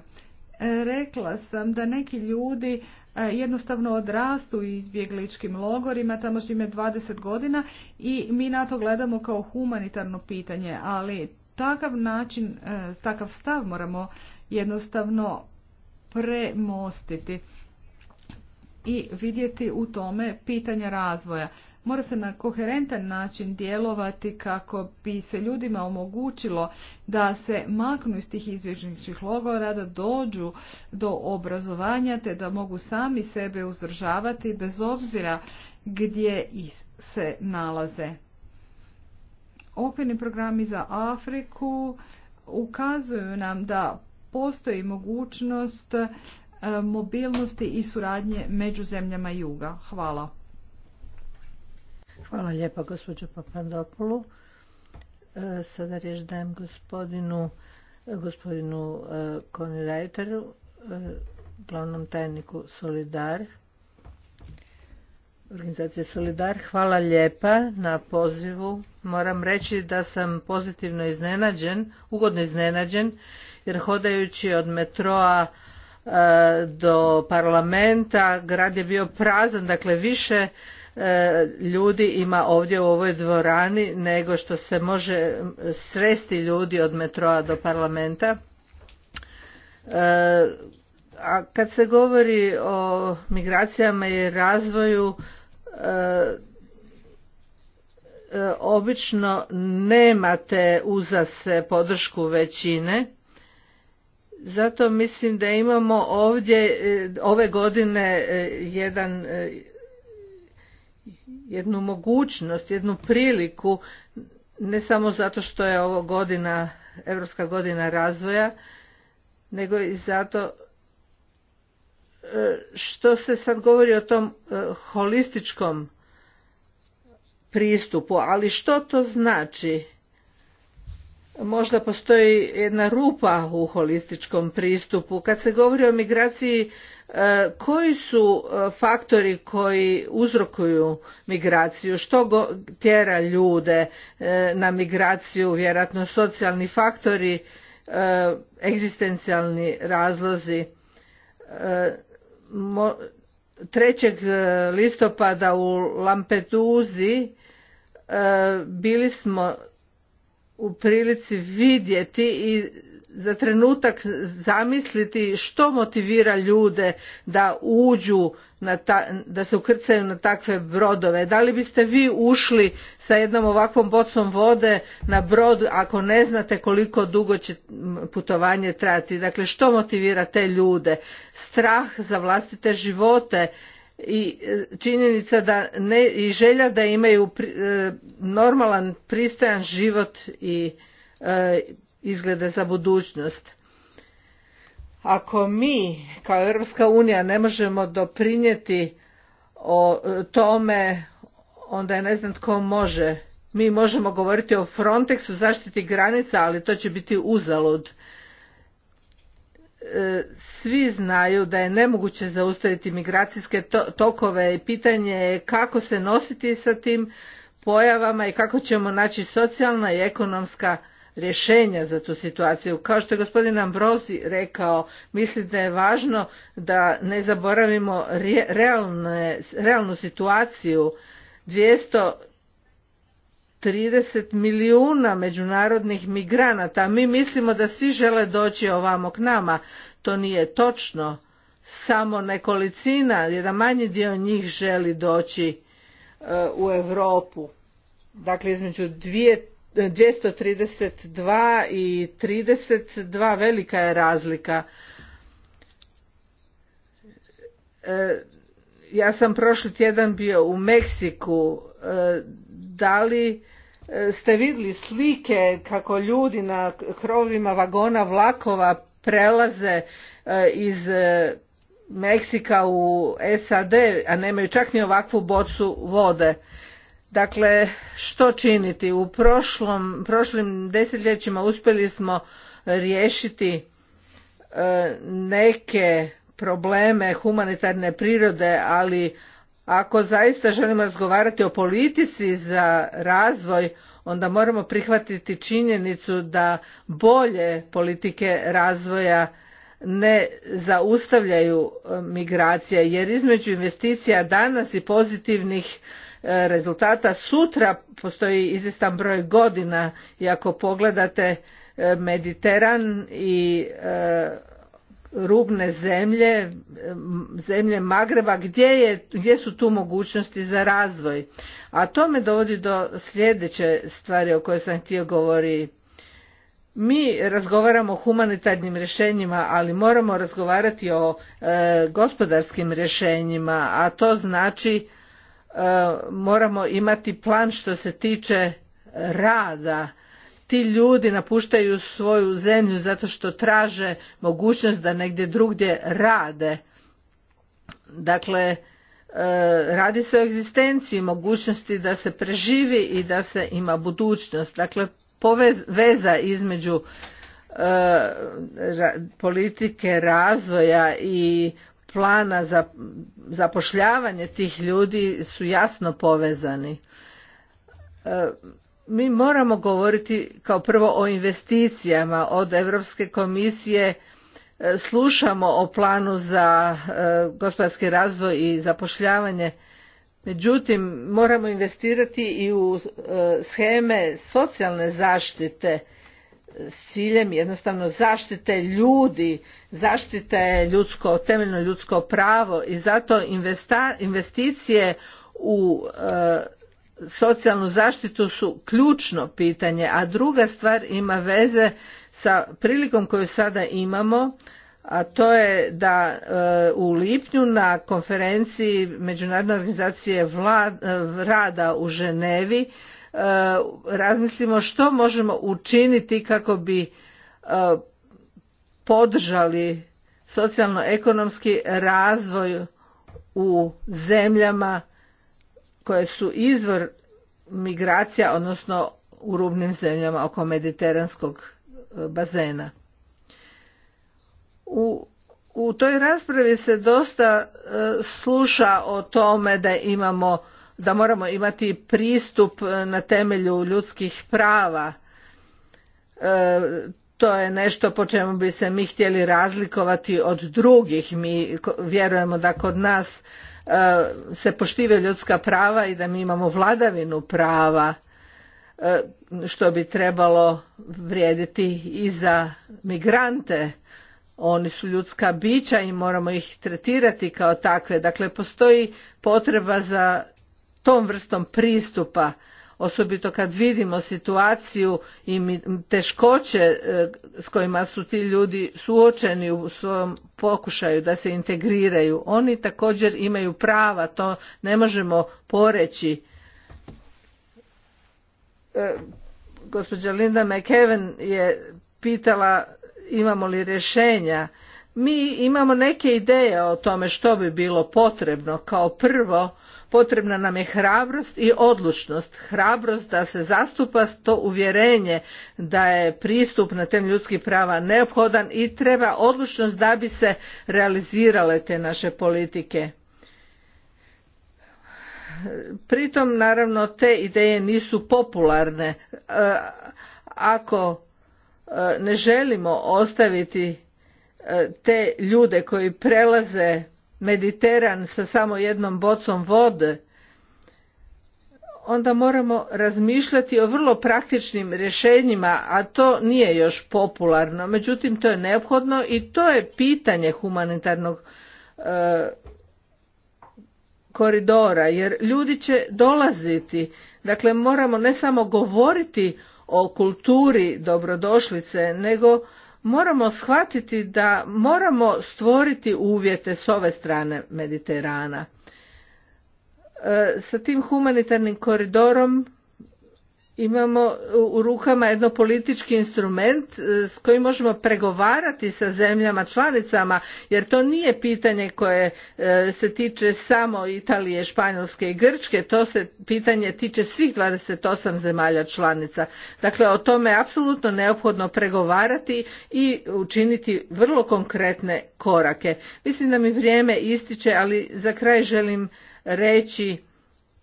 E, rekla sam da neki ljudi E, jednostavno odrastu u izbjegličkim logorima, tamo ime 20 godina i mi na to gledamo kao humanitarno pitanje, ali takav način, e, takav stav moramo jednostavno premostiti i vidjeti u tome pitanja razvoja mora se na koherentan način djelovati kako bi se ljudima omogućilo da se maknu iz tih izbježničkih logora, da dođu do obrazovanja te da mogu sami sebe uzdržavati bez obzira gdje se nalaze. Okvirni programi za Afriku ukazuju nam da postoji mogućnost e, mobilnosti i suradnje među zemljama juga. Hvala. Hvala lijepa gospođo Papandopulu. E, sada riječ dajem gospodinu, gospodinu Koni e, e, glavnom tajniku Solidar, organizacije Solidar. Hvala lijepa na pozivu. Moram reći da sam pozitivno iznenađen, ugodno iznenađen, jer hodajući od metroa do parlamenta grad je bio prazan, dakle više E, ljudi ima ovdje u ovoj dvorani nego što se može sresti ljudi od metroa do parlamenta. E, a kad se govori o migracijama i razvoju, e, obično nemate uza se podršku većine. Zato mislim da imamo ovdje ove godine jedan jednu mogućnost, jednu priliku, ne samo zato što je ovo godina, Europska godina razvoja, nego i zato e, što se sad govori o tom e, holističkom pristupu, ali što to znači? Možda postoji jedna rupa u holističkom pristupu. Kad se govori o migraciji E, koji su e, faktori koji uzrokuju migraciju, što tjera ljude e, na migraciju, vjerojatno socijalni faktori, egzistencijalni razlozi. 3. listopada u Lampeduzi bili smo u prilici vidjeti i za trenutak zamisliti što motivira ljude da uđu na da se ukrcaju na takve brodove da li biste vi ušli sa jednom ovakvom bocom vode na brod ako ne znate koliko dugo će putovanje trajati dakle što motivira te ljude strah za vlastite živote i e, činjenica da ne i želja da imaju e, normalan pristojan život i e, izglede za budućnost. Ako mi kao Europska unija ne možemo doprinijeti o tome, onda je ne znam tko može. Mi možemo govoriti o Frontexu, zaštiti granica, ali to će biti uzalud. E, svi znaju da je nemoguće zaustaviti migracijske tokove i pitanje je kako se nositi sa tim pojavama i kako ćemo naći socijalna i ekonomska rješenja za tu situaciju. Kao što je gospodin Ambrozi rekao, mislim da je važno da ne zaboravimo realne, realnu situaciju. 230 milijuna međunarodnih migranata. Mi mislimo da svi žele doći ovamo k nama. To nije točno. Samo nekolicina, jedan manji dio njih želi doći e, u Europu. Dakle, između dvije 232 i 32 velika je razlika. E, ja sam prošli tjedan bio u Meksiku. E, da li e, ste vidjeli slike kako ljudi na krovima vagona vlakova prelaze iz Meksika u SAD, a nemaju čak ni ovakvu bocu vode. Dakle, što činiti? U prošlom, prošlim desetljećima uspjeli smo riješiti e, neke probleme humanitarne prirode, ali ako zaista želimo razgovarati o politici za razvoj, onda moramo prihvatiti činjenicu da bolje politike razvoja ne zaustavljaju e, migracije, jer između investicija danas i pozitivnih rezultata. Sutra postoji izistan broj godina i ako pogledate e, Mediteran i e, rubne zemlje, e, zemlje Magreba, gdje, je, gdje su tu mogućnosti za razvoj. A to me dovodi do sljedeće stvari o kojoj sam htio govori. Mi razgovaramo o humanitarnim rješenjima, ali moramo razgovarati o gospodarskim rješenjima, a to znači moramo imati plan što se tiče rada ti ljudi napuštaju svoju zemlju zato što traže mogućnost da negdje drugdje rade dakle e, radi se o egzistenciji mogućnosti da se preživi i da se ima budućnost dakle veza između e, politike razvoja i plana za zapošljavanje tih ljudi su jasno povezani. E, mi moramo govoriti kao prvo o investicijama od Europske komisije e, slušamo o planu za e, gospodarski razvoj i zapošljavanje međutim moramo investirati i u sheme socijalne zaštite s ciljem jednostavno zaštite ljudi, zaštite ljudsko, temeljno ljudsko pravo i zato investicije u e, socijalnu zaštitu su ključno pitanje, a druga stvar ima veze sa prilikom koju sada imamo, a to je da e, u lipnju na konferenciji Međunarodne organizacije vlad, e, rada u Ženevi E, razmislimo što možemo učiniti kako bi e, podržali socijalno-ekonomski razvoj u zemljama koje su izvor migracija, odnosno u rubnim zemljama oko mediteranskog e, bazena. U, u toj raspravi se dosta sluša o tome da imamo da moramo imati pristup e, na temelju ljudskih prava e, to je nešto po čemu bi se mi htjeli razlikovati od drugih mi vjerujemo da kod nas e, se poštive ljudska prava i da mi imamo vladavinu prava što bi trebalo vrijediti i za migrante oni su ljudska bića i moramo ih tretirati kao takve dakle postoji potreba za tom vrstom pristupa osobito kad vidimo situaciju i teškoće e, s kojima su ti ljudi suočeni u svom pokušaju da se integriraju oni također imaju prava to ne možemo poreći e, gospođa Linda McKeven je pitala imamo li rješenja mi imamo neke ideje o tome što bi bilo potrebno kao prvo potrebna nam je hrabrost i odlučnost hrabrost da se zastupa to uvjerenje da je pristup na tem ljudskih prava neophodan i treba odlučnost da bi se realizirale te naše politike pritom naravno te ideje nisu popularne e, ako e, ne želimo ostaviti e, te ljude koji prelaze Mediteran sa samo jednom bocom vode, onda moramo razmišljati o vrlo praktičnim rješenjima, a to nije još popularno. Međutim, to je neophodno i to je pitanje humanitarnog e, koridora, jer ljudi će dolaziti. Dakle, moramo ne samo govoriti o kulturi dobrodošlice, nego moramo shvatiti da moramo stvoriti uvjete s ove strane Mediterana. E, sa tim humanitarnim koridorom imamo u rukama jedno politički instrument e, s kojim možemo pregovarati sa zemljama članicama jer to nije pitanje koje e, se tiče samo Italije, Španjolske i Grčke, to se pitanje tiče svih 28 zemalja članica. Dakle o tome je apsolutno neophodno pregovarati i učiniti vrlo konkretne korake. Mislim da mi vrijeme ističe, ali za kraj želim reći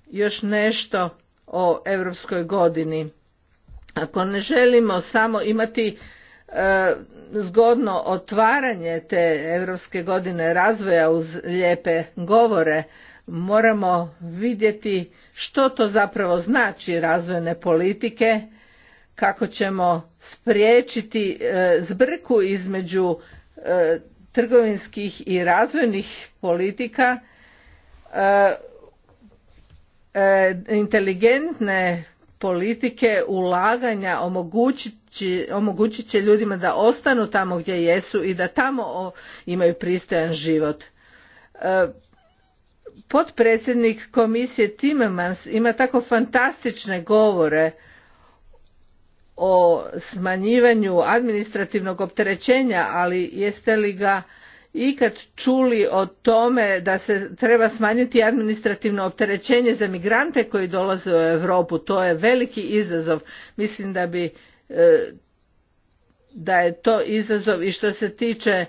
još nešto o europskoj godini. Ako ne želimo samo imati e, zgodno otvaranje te europske godine razvoja uz lijepe govore, moramo vidjeti što to zapravo znači razvojne politike, kako ćemo spriječiti e, zbrku između e, trgovinskih i razvojnih politika e, E, inteligentne politike ulaganja omogućit će ljudima da ostanu tamo gdje jesu i da tamo imaju pristojan život. E, potpredsjednik komisije Timmermans ima tako fantastične govore o smanjivanju administrativnog opterećenja, ali jeste li ga kad čuli o tome da se treba smanjiti administrativno opterećenje za migrante koji dolaze u Europu. To je veliki izazov. Mislim da bi e, da je to izazov i što se tiče e,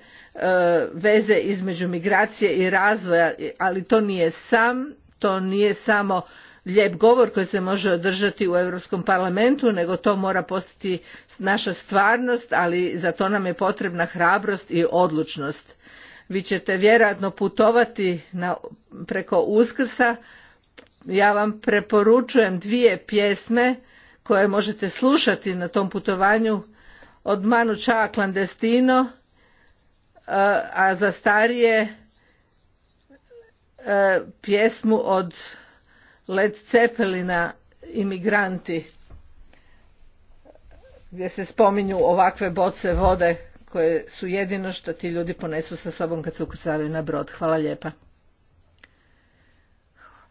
veze između migracije i razvoja, ali to nije sam, to nije samo lijep govor koji se može održati u Europskom parlamentu, nego to mora postati naša stvarnost, ali za to nam je potrebna hrabrost i odlučnost vi ćete vjerojatno putovati preko uskrsa ja vam preporučujem dvije pjesme koje možete slušati na tom putovanju od Manu Chao klandestino, e, a za starije e, pjesmu od Led Cepelina Imigranti gdje se spominju ovakve boce vode koje su jedino što ti ljudi ponesu sa sobom kad se ukusavaju na brod. Hvala lijepa.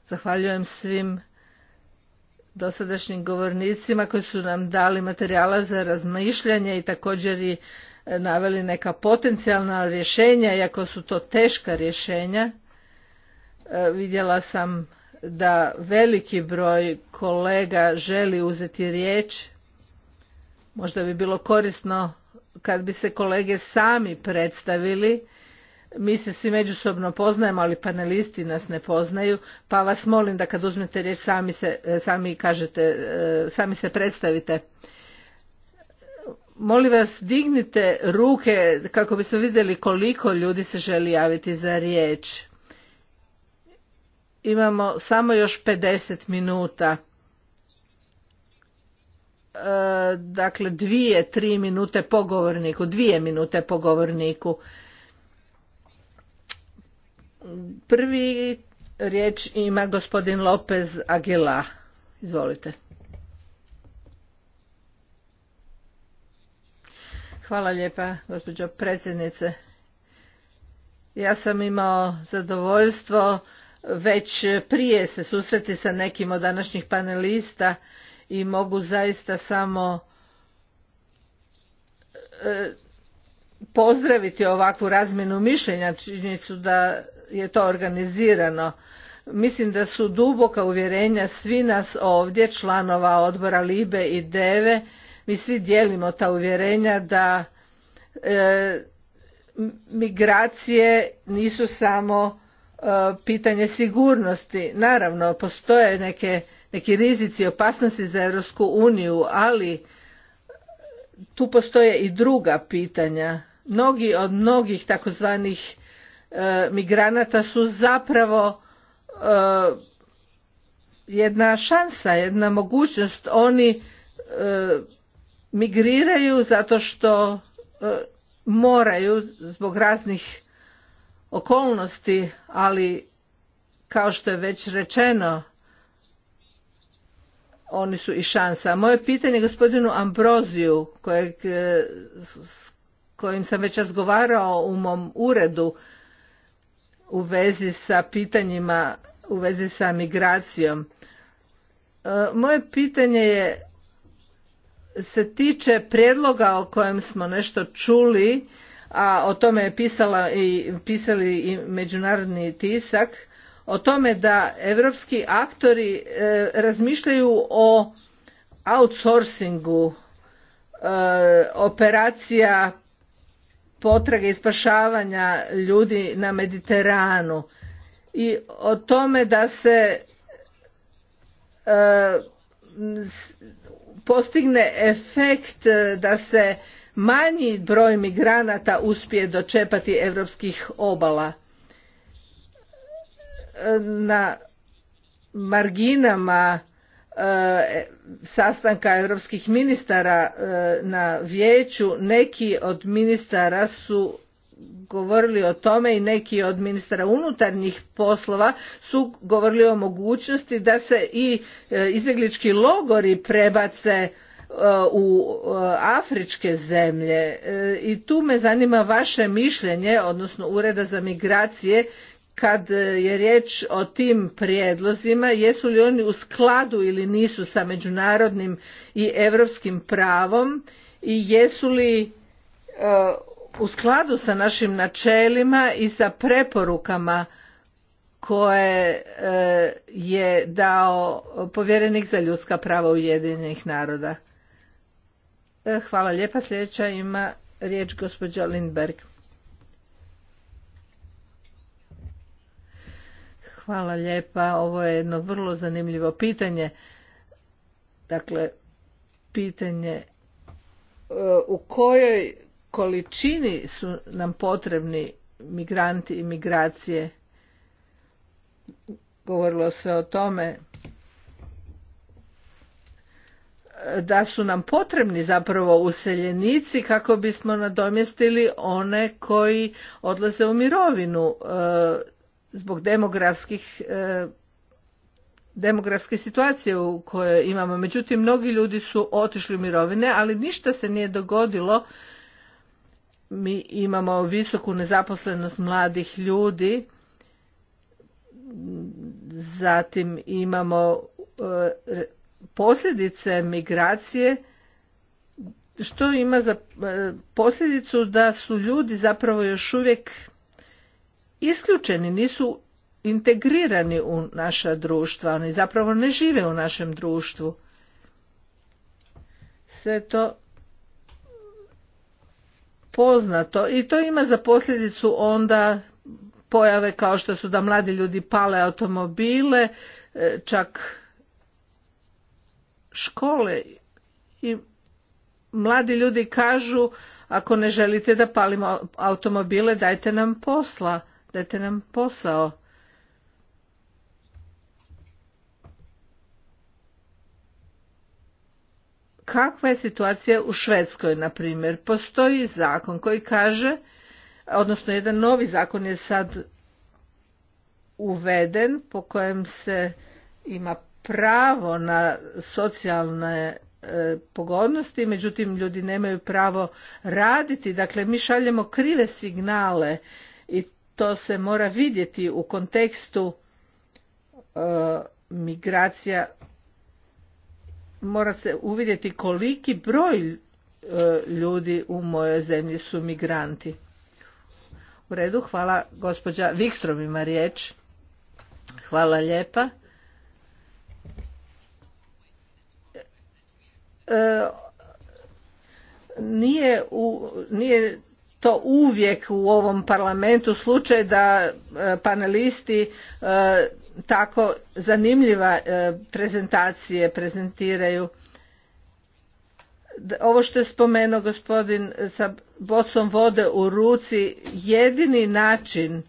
Zahvaljujem svim dosadašnjim govornicima koji su nam dali materijala za razmišljanje i također i e, naveli neka potencijalna rješenja, iako su to teška rješenja. E, vidjela sam da veliki broj kolega želi uzeti riječ. Možda bi bilo korisno kad bi se kolege sami predstavili, mi se svi međusobno poznajemo, ali panelisti nas ne poznaju, pa vas molim da kad uzmete riječ sami se, e, sami kažete, e, sami se predstavite. Molim vas, dignite ruke kako bismo vidjeli koliko ljudi se želi javiti za riječ. Imamo samo još 50 minuta. E, dakle dvije, tri minute po govorniku, dvije minute po govorniku. Prvi riječ ima gospodin Lopez Aguila. Izvolite. Hvala lijepa, gospođo predsjednice. Ja sam imao zadovoljstvo već prije se susreti sa nekim od današnjih panelista i mogu zaista samo e, pozdraviti ovakvu razmjenu mišljenja činjenicu da je to organizirano mislim da su duboka uvjerenja svi nas ovdje članova odbora libe i deve mi svi dijelimo ta uvjerenja da e, migracije nisu samo e, pitanje sigurnosti naravno postoje neke neki rizici opasnosti za Europsku uniju, ali tu postoje i druga pitanja. Mnogi od mnogih takozvanih e, migranata su zapravo e, jedna šansa, jedna mogućnost. Oni e, migriraju zato što moraju zbog raznih okolnosti, ali kao što je već rečeno, oni su i šansa. Moje pitanje gospodinu Ambroziju kojeg, e, s kojim sam već razgovarao u mom uredu u vezi sa pitanjima, u vezi sa migracijom. E, moje pitanje je se tiče prijedloga o kojem smo nešto čuli, a o tome je pisala i, pisali i međunarodni tisak, o tome da europski aktori e, razmišljaju o outsourcingu e, operacija potrage i spašavanja ljudi na Mediteranu i o tome da se e, postigne efekt da se manji broj migranata uspije dočepati europskih obala na marginama e, sastanka europskih ministara e, na vijeću neki od ministara su govorili o tome i neki od ministara unutarnjih poslova su govorili o mogućnosti da se i e, izbjeglički logori prebace u afričke zemlje i tu me zanima vaše mišljenje odnosno ureda za migracije kad e, je riječ o tim prijedlozima, jesu li oni u skladu ili nisu sa međunarodnim i europskim pravom i jesu li e, u skladu sa našim načelima i sa preporukama koje e, je dao povjerenik za ljudska prava Ujedinjenih naroda. Hvala lijepa. Sljedeća ima riječ gospođa Lindberg. Hvala lijepa. Ovo je jedno vrlo zanimljivo pitanje. Dakle, pitanje e, u kojoj količini su nam potrebni migranti i migracije. Govorilo se o tome e, da su nam potrebni zapravo useljenici kako bismo nadomjestili one koji odlaze u mirovinu. E, zbog demografskih e, demografske situacije u kojoj imamo. Međutim, mnogi ljudi su otišli u mirovine, ali ništa se nije dogodilo. Mi imamo visoku nezaposlenost mladih ljudi, zatim imamo e, posljedice migracije, što ima za e, posljedicu da su ljudi zapravo još uvijek isključeni, nisu integrirani u naša društva, oni zapravo ne žive u našem društvu. Sve to poznato i to ima za posljedicu onda pojave kao što su da mladi ljudi pale automobile, e, čak škole i mladi ljudi kažu ako ne želite da palimo automobile dajte nam posla dajte nam posao. Kakva je situacija u Švedskoj, na primjer? Postoji zakon koji kaže, odnosno jedan novi zakon je sad uveden po kojem se ima pravo na socijalne e, pogodnosti, međutim ljudi nemaju pravo raditi. Dakle, mi šaljemo krive signale to se mora vidjeti u kontekstu e, migracija mora se uvidjeti koliki broj e, ljudi u mojoj zemlji su migranti. U redu, hvala gospođa Vikstrom ima riječ. Hvala lijepa. E, nije, u, nije to uvijek u ovom parlamentu slučaj da e, panelisti e, tako zanimljiva e, prezentacije prezentiraju. Ovo što je spomenuo gospodin sa bocom vode u ruci, jedini način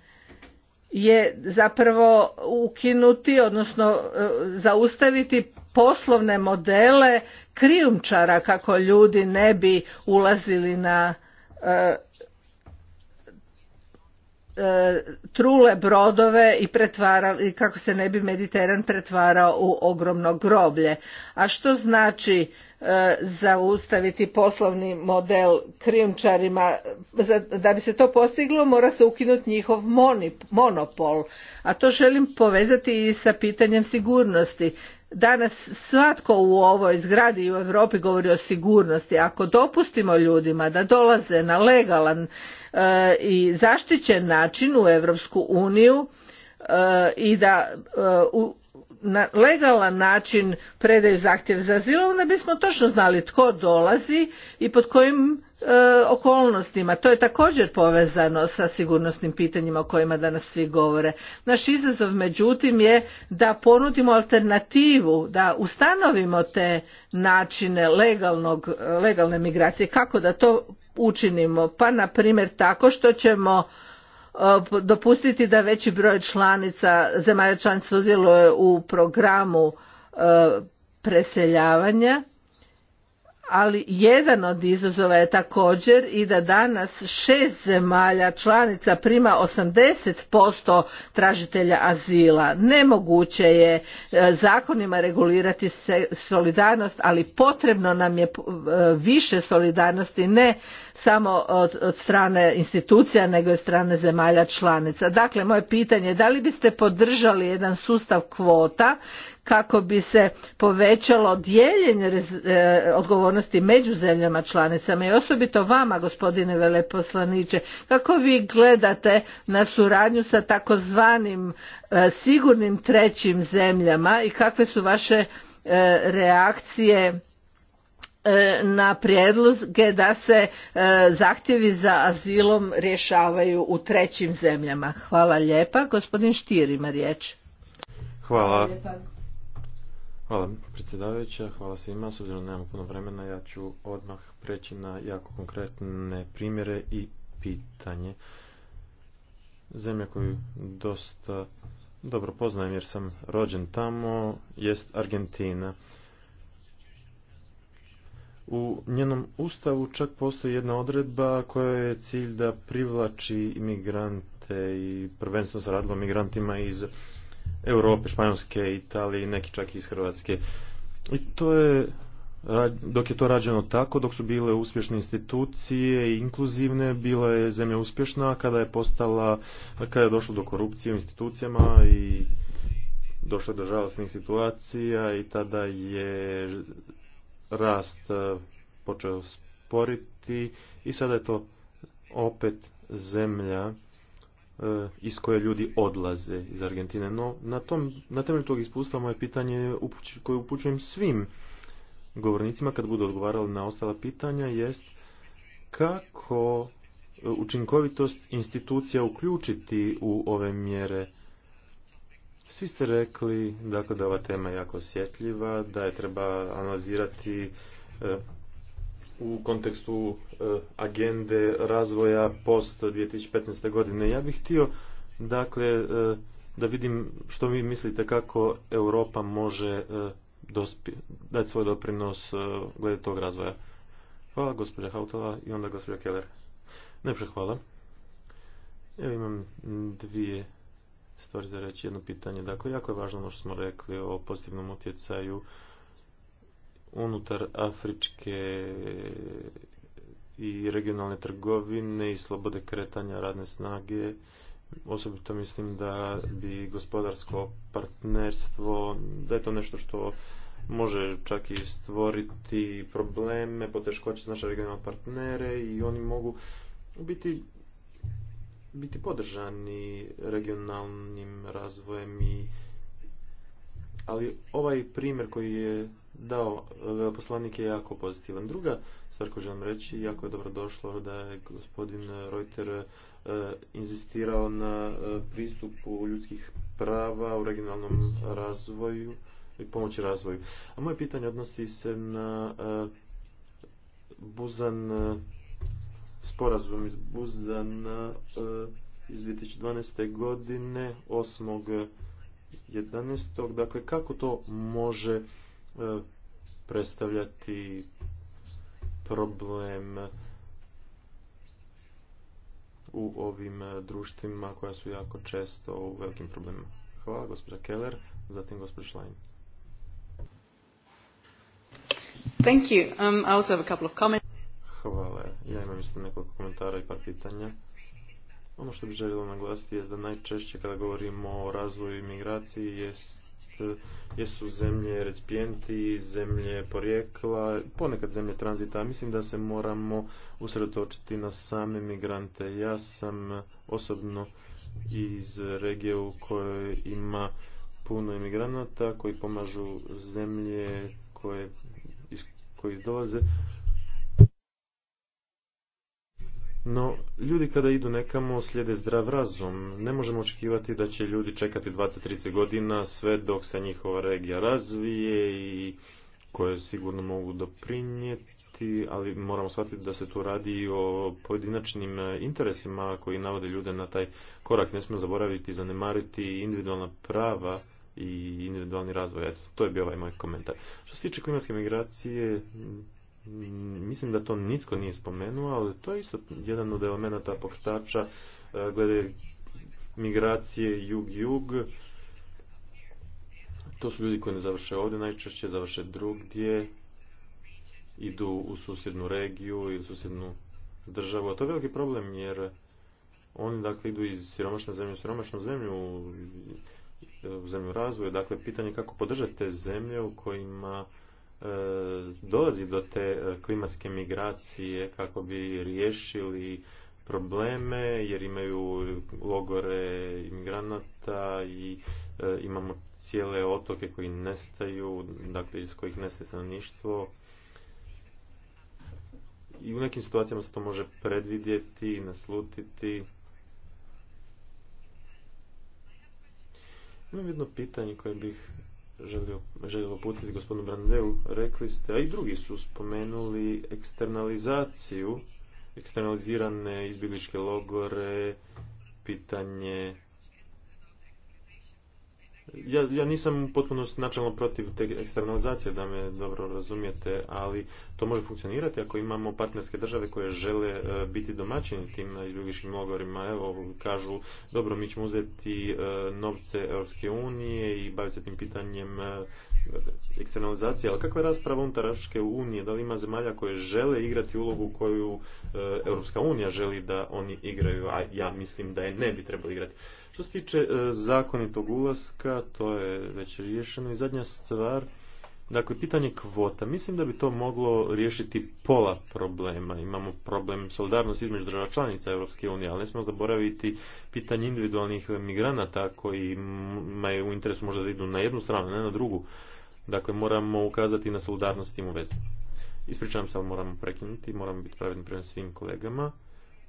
je zapravo ukinuti, odnosno zaustaviti poslovne modele krijumčara kako ljudi ne bi ulazili na E, trule brodove i pretvarali, kako se ne bi Mediteran pretvarao u ogromno groblje. A što znači e, zaustaviti poslovni model krijumčarima? Da bi se to postiglo mora se ukinuti njihov monopol. A to želim povezati i sa pitanjem sigurnosti. Danas svatko u ovoj zgradi i u Europi govori o sigurnosti. Ako dopustimo ljudima da dolaze na legalan i zaštićen način u Europsku uniju e, i da e, na legalan način predaju zahtjev za azil, onda bismo točno znali tko dolazi i pod kojim e, okolnostima. To je također povezano sa sigurnosnim pitanjima o kojima danas svi govore. Naš izazov međutim je da ponudimo alternativu, da ustanovimo te načine legalnog, legalne migracije, kako da to učinimo? Pa na primjer tako što ćemo e, dopustiti da veći broj članica, zemalja članica sudjeluje u programu e, preseljavanja ali jedan od izazova je također i da danas šest zemalja članica prima 80% tražitelja azila. Nemoguće je e, zakonima regulirati solidarnost, ali potrebno nam je e, više solidarnosti, ne samo od strane institucija, nego i od strane zemalja članica. Dakle, moje pitanje je da li biste podržali jedan sustav kvota kako bi se povećalo dijeljenje e, odgovornosti među zemljama članicama i osobito vama gospodine veleposlaniče kako vi gledate na suradnju sa takozvanim e, sigurnim trećim zemljama i kakve su vaše e, reakcije na prijedloge da se zahtjevi za azilom rješavaju u trećim zemljama. Hvala lijepa. Gospodin Štir ima riječ. Hvala predsjedavajuća, hvala svima. S obzirom da nemamo puno vremena, ja ću odmah preći na jako konkretne primjere i pitanje. Zemlja koju dosta dobro poznajem jer sam rođen tamo, jest Argentina. U njenom ustavu čak postoji jedna odredba koja je cilj da privlači imigrante i prvenstveno se radilo migrantima iz Europe, Španjolske, Italije, neki čak i iz Hrvatske. I to je, dok je to rađeno tako, dok su bile uspješne institucije i inkluzivne, bila je zemlja uspješna kada je postala, kada je došlo do korupcije u institucijama i došlo do žalostnih situacija i tada je rast e, počeo sporiti i sada je to opet zemlja E, iz koje ljudi odlaze iz Argentine. No, na, tom, na temelju tog iskustva moje pitanje koje upućujem svim govornicima kad budu odgovarali na ostala pitanja jest kako e, učinkovitost institucija uključiti u ove mjere. Svi ste rekli dakle, da ova tema je jako osjetljiva, da je treba analizirati e, u kontekstu e, agende razvoja post 2015. godine. Ja bih htio dakle e, da vidim što vi mislite kako Europa može e, dati svoj doprinos glede tog razvoja. Hvala gospođa Hautova i onda gospođa Keller. Najprej hvala. Evo imam dvije stvari za reći, jedno pitanje. Dakle, jako je važno ono što smo rekli o pozitivnom utjecaju unutar Afričke i regionalne trgovine i slobode kretanja radne snage. Osobito mislim da bi gospodarsko partnerstvo, da je to nešto što može čak i stvoriti probleme, poteškoće s naše regionalne partnere i oni mogu biti biti podržani regionalnim razvojem i ali ovaj primjer koji je dao Poslanik je jako pozitivan. Druga stvar koju želim reći, jako je dobro došlo da je gospodin Reuter e, inzistirao na e, pristupu ljudskih prava u regionalnom razvoju i pomoći razvoju. A moje pitanje odnosi se na e, Buzan e, sporazum iz Buzana e, iz 2012. godine 8.11. Dakle, kako to može E, predstavljati problem u ovim društvima koja su jako često u velikim problemima. Hvala gospođa Keller, zatim gospođa Schlein. Hvala. Ja imam isto nekoliko komentara i par pitanja. Ono što bih željela naglasiti je da najčešće kada govorimo o razvoju i migraciji jest jesu zemlje recipijenti, zemlje porijekla, ponekad zemlje tranzita. Mislim da se moramo usredotočiti na same migrante. Ja sam osobno iz regije u kojoj ima puno imigranata koji pomažu zemlje koje, iz dolaze, no, ljudi kada idu nekamo slijede zdrav razum. Ne možemo očekivati da će ljudi čekati 20-30 godina sve dok se njihova regija razvije i koje sigurno mogu doprinijeti, ali moramo shvatiti da se tu radi o pojedinačnim e, interesima koji navode ljude na taj korak. Ne smijemo zaboraviti, zanemariti individualna prava i individualni razvoj. Eto, to je bio ovaj moj komentar. Što se tiče klimatske migracije, Mm, mislim da to nitko nije spomenuo, ali to je isto jedan od elemenata pokretača e, glede migracije jug-jug. To su ljudi koji ne završe ovdje, najčešće završe drugdje, idu u susjednu regiju i u susjednu državu. A to je veliki problem jer oni dakle idu iz siromašne zemlje u siromašnu zemlju, u zemlju razvoja. Dakle, pitanje kako podržati te zemlje u kojima E, dolazi do te e, klimatske migracije kako bi riješili probleme jer imaju logore imigranata i e, imamo cijele otoke koji nestaju, dakle iz kojih nestaje stanovništvo. I u nekim situacijama se to može predvidjeti, naslutiti. Imam jedno pitanje koje bih Želio putiti gospodinu Brandeu, rekli ste, a i drugi su spomenuli eksternalizaciju, eksternalizirane izbjegličke logore, pitanje ja, ja nisam potpuno načelno protiv te eksternalizacije, da me dobro razumijete, ali to može funkcionirati ako imamo partnerske države koje žele e, biti domaćini tim izbjegličkim logorima. Evo, kažu, dobro, mi ćemo uzeti e, novce Europske unije i baviti se tim pitanjem e, eksternalizacije, ali kakva je rasprava unutar Europske unije? Da li ima zemalja koje žele igrati ulogu koju Europska unija želi da oni igraju, a ja mislim da je ne bi trebalo igrati. Što se tiče e, zakonitog ulaska, to je već riješeno i zadnja stvar, Dakle, pitanje kvota. Mislim da bi to moglo riješiti pola problema. Imamo problem solidarnosti između država članica Europske unije, ali ne smijemo zaboraviti pitanje individualnih migranata koji imaju u interesu možda da idu na jednu stranu, ne na drugu. Dakle, moramo ukazati na solidarnost tim u vezi. Ispričavam se, ali moramo prekinuti, moramo biti pravedni prema svim kolegama.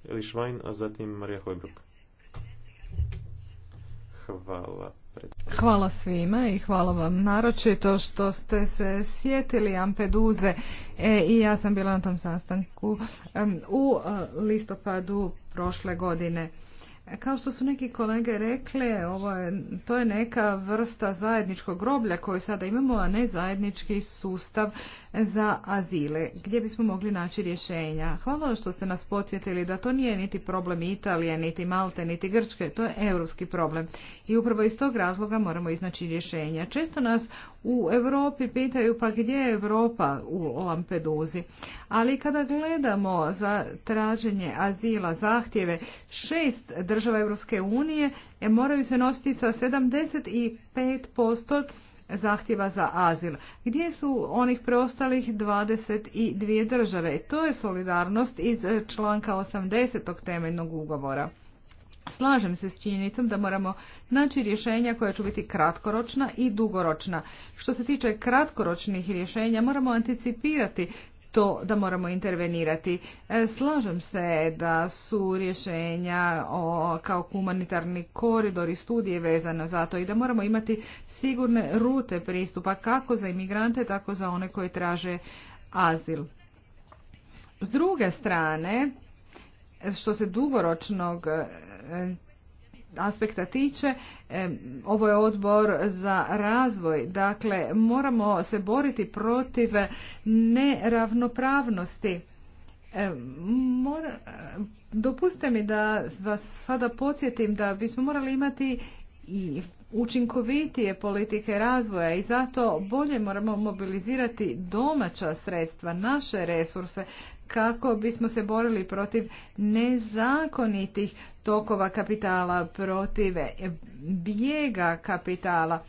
Eli Švajn, a zatim Marija Hojbruk. Hvala. Hvala svima i hvala vam naročito što ste se sjetili Ampeduze e, i ja sam bila na tom sastanku u e, listopadu prošle godine. Kao što su neki kolege rekli, ovo je, to je neka vrsta zajedničkog groblja koju sada imamo, a ne zajednički sustav za azile, gdje bismo mogli naći rješenja. Hvala što ste nas podsjetili da to nije niti problem Italije, niti Malte, niti Grčke, to je europski problem. I upravo iz tog razloga moramo iznaći rješenja. Često nas u Europi pitaju pa gdje je Europa u Lampeduzi. Ali kada gledamo za traženje azila, zahtjeve, šest država Europske unije e, moraju se nositi sa 75% zahtjeva za azil. Gdje su onih preostalih 22 države? E, to je solidarnost iz e, članka 80. temeljnog ugovora. Slažem se s činjenicom da moramo naći rješenja koja će biti kratkoročna i dugoročna. Što se tiče kratkoročnih rješenja, moramo anticipirati to da moramo intervenirati. E, slažem se da su rješenja o, kao humanitarni i studije vezano za to i da moramo imati sigurne rute pristupa kako za imigrante, tako za one koji traže azil. S druge strane, što se dugoročnog e, aspekta tiče, ovo je odbor za razvoj. Dakle, moramo se boriti protiv neravnopravnosti. Dopuste dopustite mi da vas sada podsjetim da bismo morali imati i učinkovitije politike razvoja i zato bolje moramo mobilizirati domaća sredstva, naše resurse kako bismo se borili protiv nezakonitih tokova kapitala, protiv bijega kapitala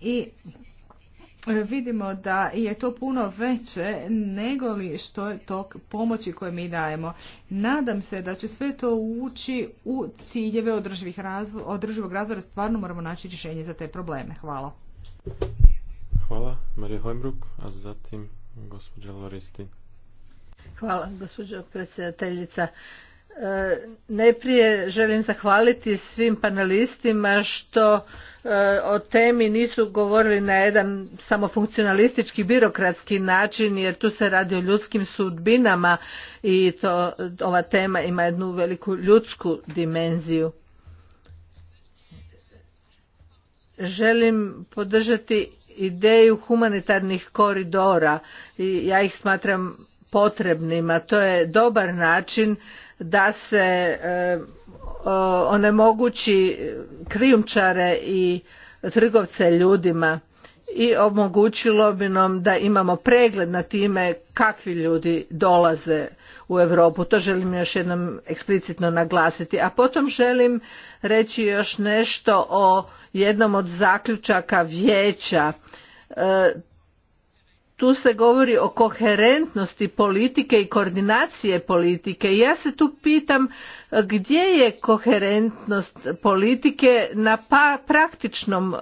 i vidimo da je to puno veće nego li što je to pomoći koje mi dajemo. Nadam se da će sve to ući u ciljeve održivih razvo održivog razvoja. Stvarno moramo naći rješenje za te probleme. Hvala. Hvala, Marija Hojbruk, a zatim gospođa Loristi. Hvala, gospođa predsjedateljica. Najprije želim zahvaliti svim panelistima što e, o temi nisu govorili na jedan samo funkcionalistički birokratski način jer tu se radi o ljudskim sudbinama i to, ova tema ima jednu veliku ljudsku dimenziju. Želim podržati ideju humanitarnih koridora i ja ih smatram potrebnima. To je dobar način da se e, onemogući krijumčare i trgovce ljudima i omogućilo bi nam da imamo pregled na time kakvi ljudi dolaze u Europu. To želim još jednom eksplicitno naglasiti. A potom želim reći još nešto o jednom od zaključaka vijeća. E, tu se govori o koherentnosti politike i koordinacije politike ja se tu pitam gdje je koherentnost politike na pa, praktičnom e,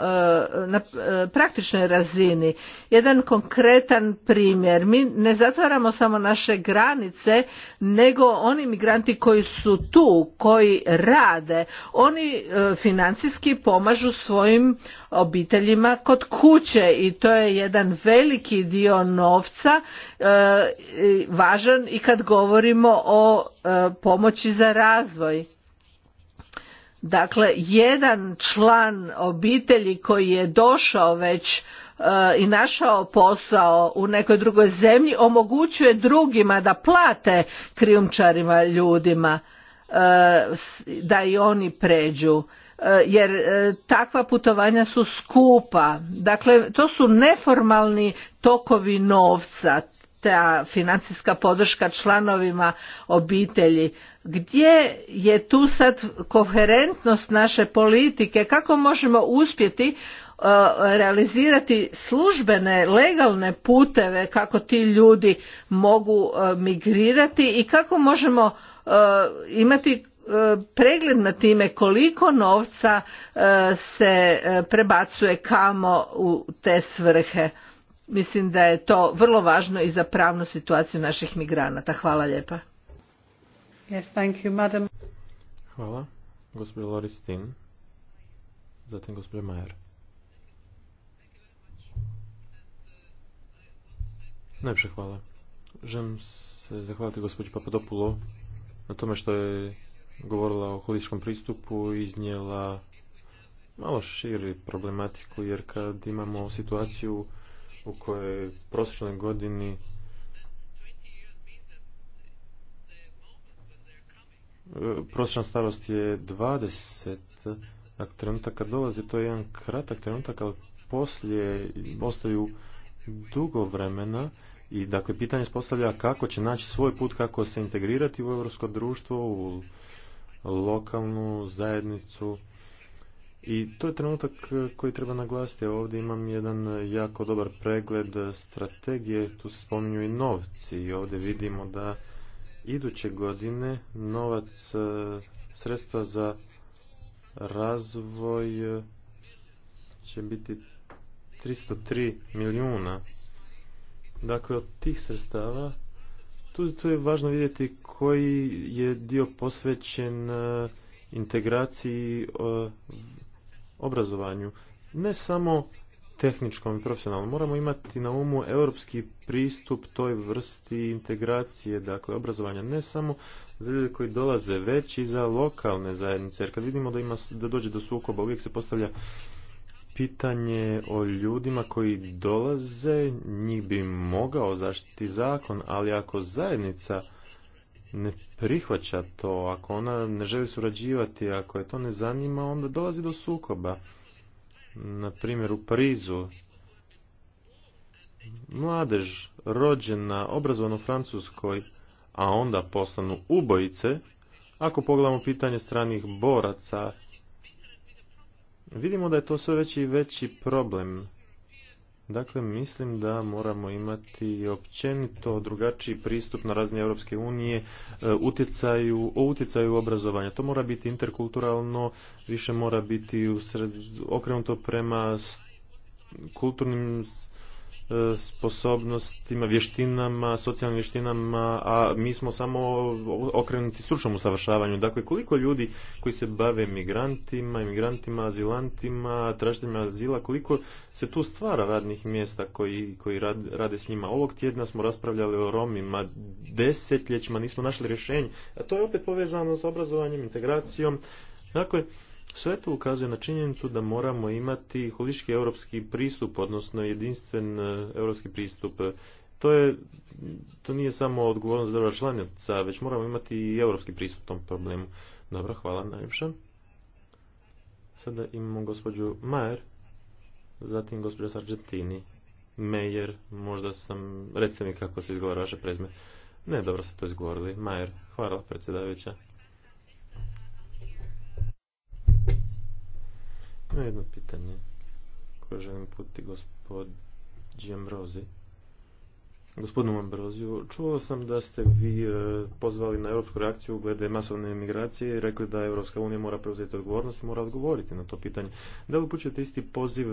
na e, praktičnoj razini jedan konkretan primjer mi ne zatvaramo samo naše granice nego oni migranti koji su tu koji rade oni e, financijski pomažu svojim obiteljima kod kuće i to je jedan veliki dio dio novca e, važan i kad govorimo o e, pomoći za razvoj. Dakle, jedan član obitelji koji je došao već e, i našao posao u nekoj drugoj zemlji omogućuje drugima da plate krijumčarima ljudima da i oni pređu Eh, jer eh, takva putovanja su skupa. Dakle, to su neformalni tokovi novca, ta financijska podrška članovima obitelji. Gdje je tu sad koherentnost naše politike? Kako možemo uspjeti eh, realizirati službene legalne puteve kako ti ljudi mogu migrirati i kako možemo imati pregled na time koliko novca e, se e, prebacuje kamo u te svrhe. Mislim da je to vrlo važno i za pravnu situaciju naših migranata. Hvala lijepa. Yes, thank you, madam. Hvala. Gospodin Loristin. Zatim gospodin Majer. Najpše hvala. Želim se zahvaliti gospođi Papadopulo na tome što je govorila o holističkom pristupu, iznijela malo širi problematiku, jer kad imamo situaciju u kojoj prosječnoj godini prosječna starost je 20, dakle trenutak kad dolazi to je jedan kratak trenutak, ali poslije ostaju dugo vremena i dakle pitanje se postavlja kako će naći svoj put, kako se integrirati u europsko društvo, u lokalnu zajednicu i to je trenutak e, koji treba naglasiti. Ovdje imam jedan e, jako dobar pregled e, strategije, tu se spominju i novci i ovdje vidimo da iduće godine novac sredstva za razvoj će biti 303 milijuna. Dakle, od tih sredstava tu, je važno vidjeti koji je dio posvećen e, integraciji e, obrazovanju. Ne samo tehničkom i profesionalnom. Moramo imati na umu europski pristup toj vrsti integracije, dakle obrazovanja, ne samo za ljude koji dolaze, već i za lokalne zajednice. Jer kad vidimo da, ima, da dođe do sukoba, uvijek se postavlja pitanje o ljudima koji dolaze, njih bi mogao zaštiti zakon, ali ako zajednica ne prihvaća to, ako ona ne želi surađivati, ako je to ne zanima, onda dolazi do sukoba. Na primjer u Parizu, mladež rođena, obrazovan u Francuskoj, a onda postanu ubojice, ako pogledamo pitanje stranih boraca Vidimo da je to sve veći i veći problem. Dakle, mislim da moramo imati općenito drugačiji pristup na razne Europske unije e, utjecaju, o utjecaju obrazovanja. To mora biti interkulturalno, više mora biti okrenuto prema kulturnim E, sposobnostima, vještinama, socijalnim vještinama, a mi smo samo okrenuti stručnom usavršavanju. Dakle, koliko ljudi koji se bave migrantima, imigrantima, azilantima, tražiteljima azila, koliko se tu stvara radnih mjesta koji, koji rade s njima. Ovog tjedna smo raspravljali o Romima, desetljećima nismo našli rješenje, a to je opet povezano s obrazovanjem, integracijom. Dakle, sve to ukazuje na činjenicu da moramo imati holistički europski pristup, odnosno jedinstven e, europski pristup. To, je, to nije samo odgovornost država članica, već moramo imati i europski pristup tom problemu. Dobro, hvala najljepša. Sada imamo gospođu Majer, zatim gospođa Sargentini. Mejer, možda sam, recite kako se izgovara vaše prezme. Ne, dobro ste to izgovorili. Majer, hvala predsjedavajuća. Na jedno pitanje koje želim puti gospodin Ambrozi. Gospodinu Ambroziju, čuo sam da ste vi e, pozvali na europsku reakciju glede masovne migracije i rekli da Europska unija mora preuzeti odgovornost i mora odgovoriti na to pitanje. Da li upućete isti poziv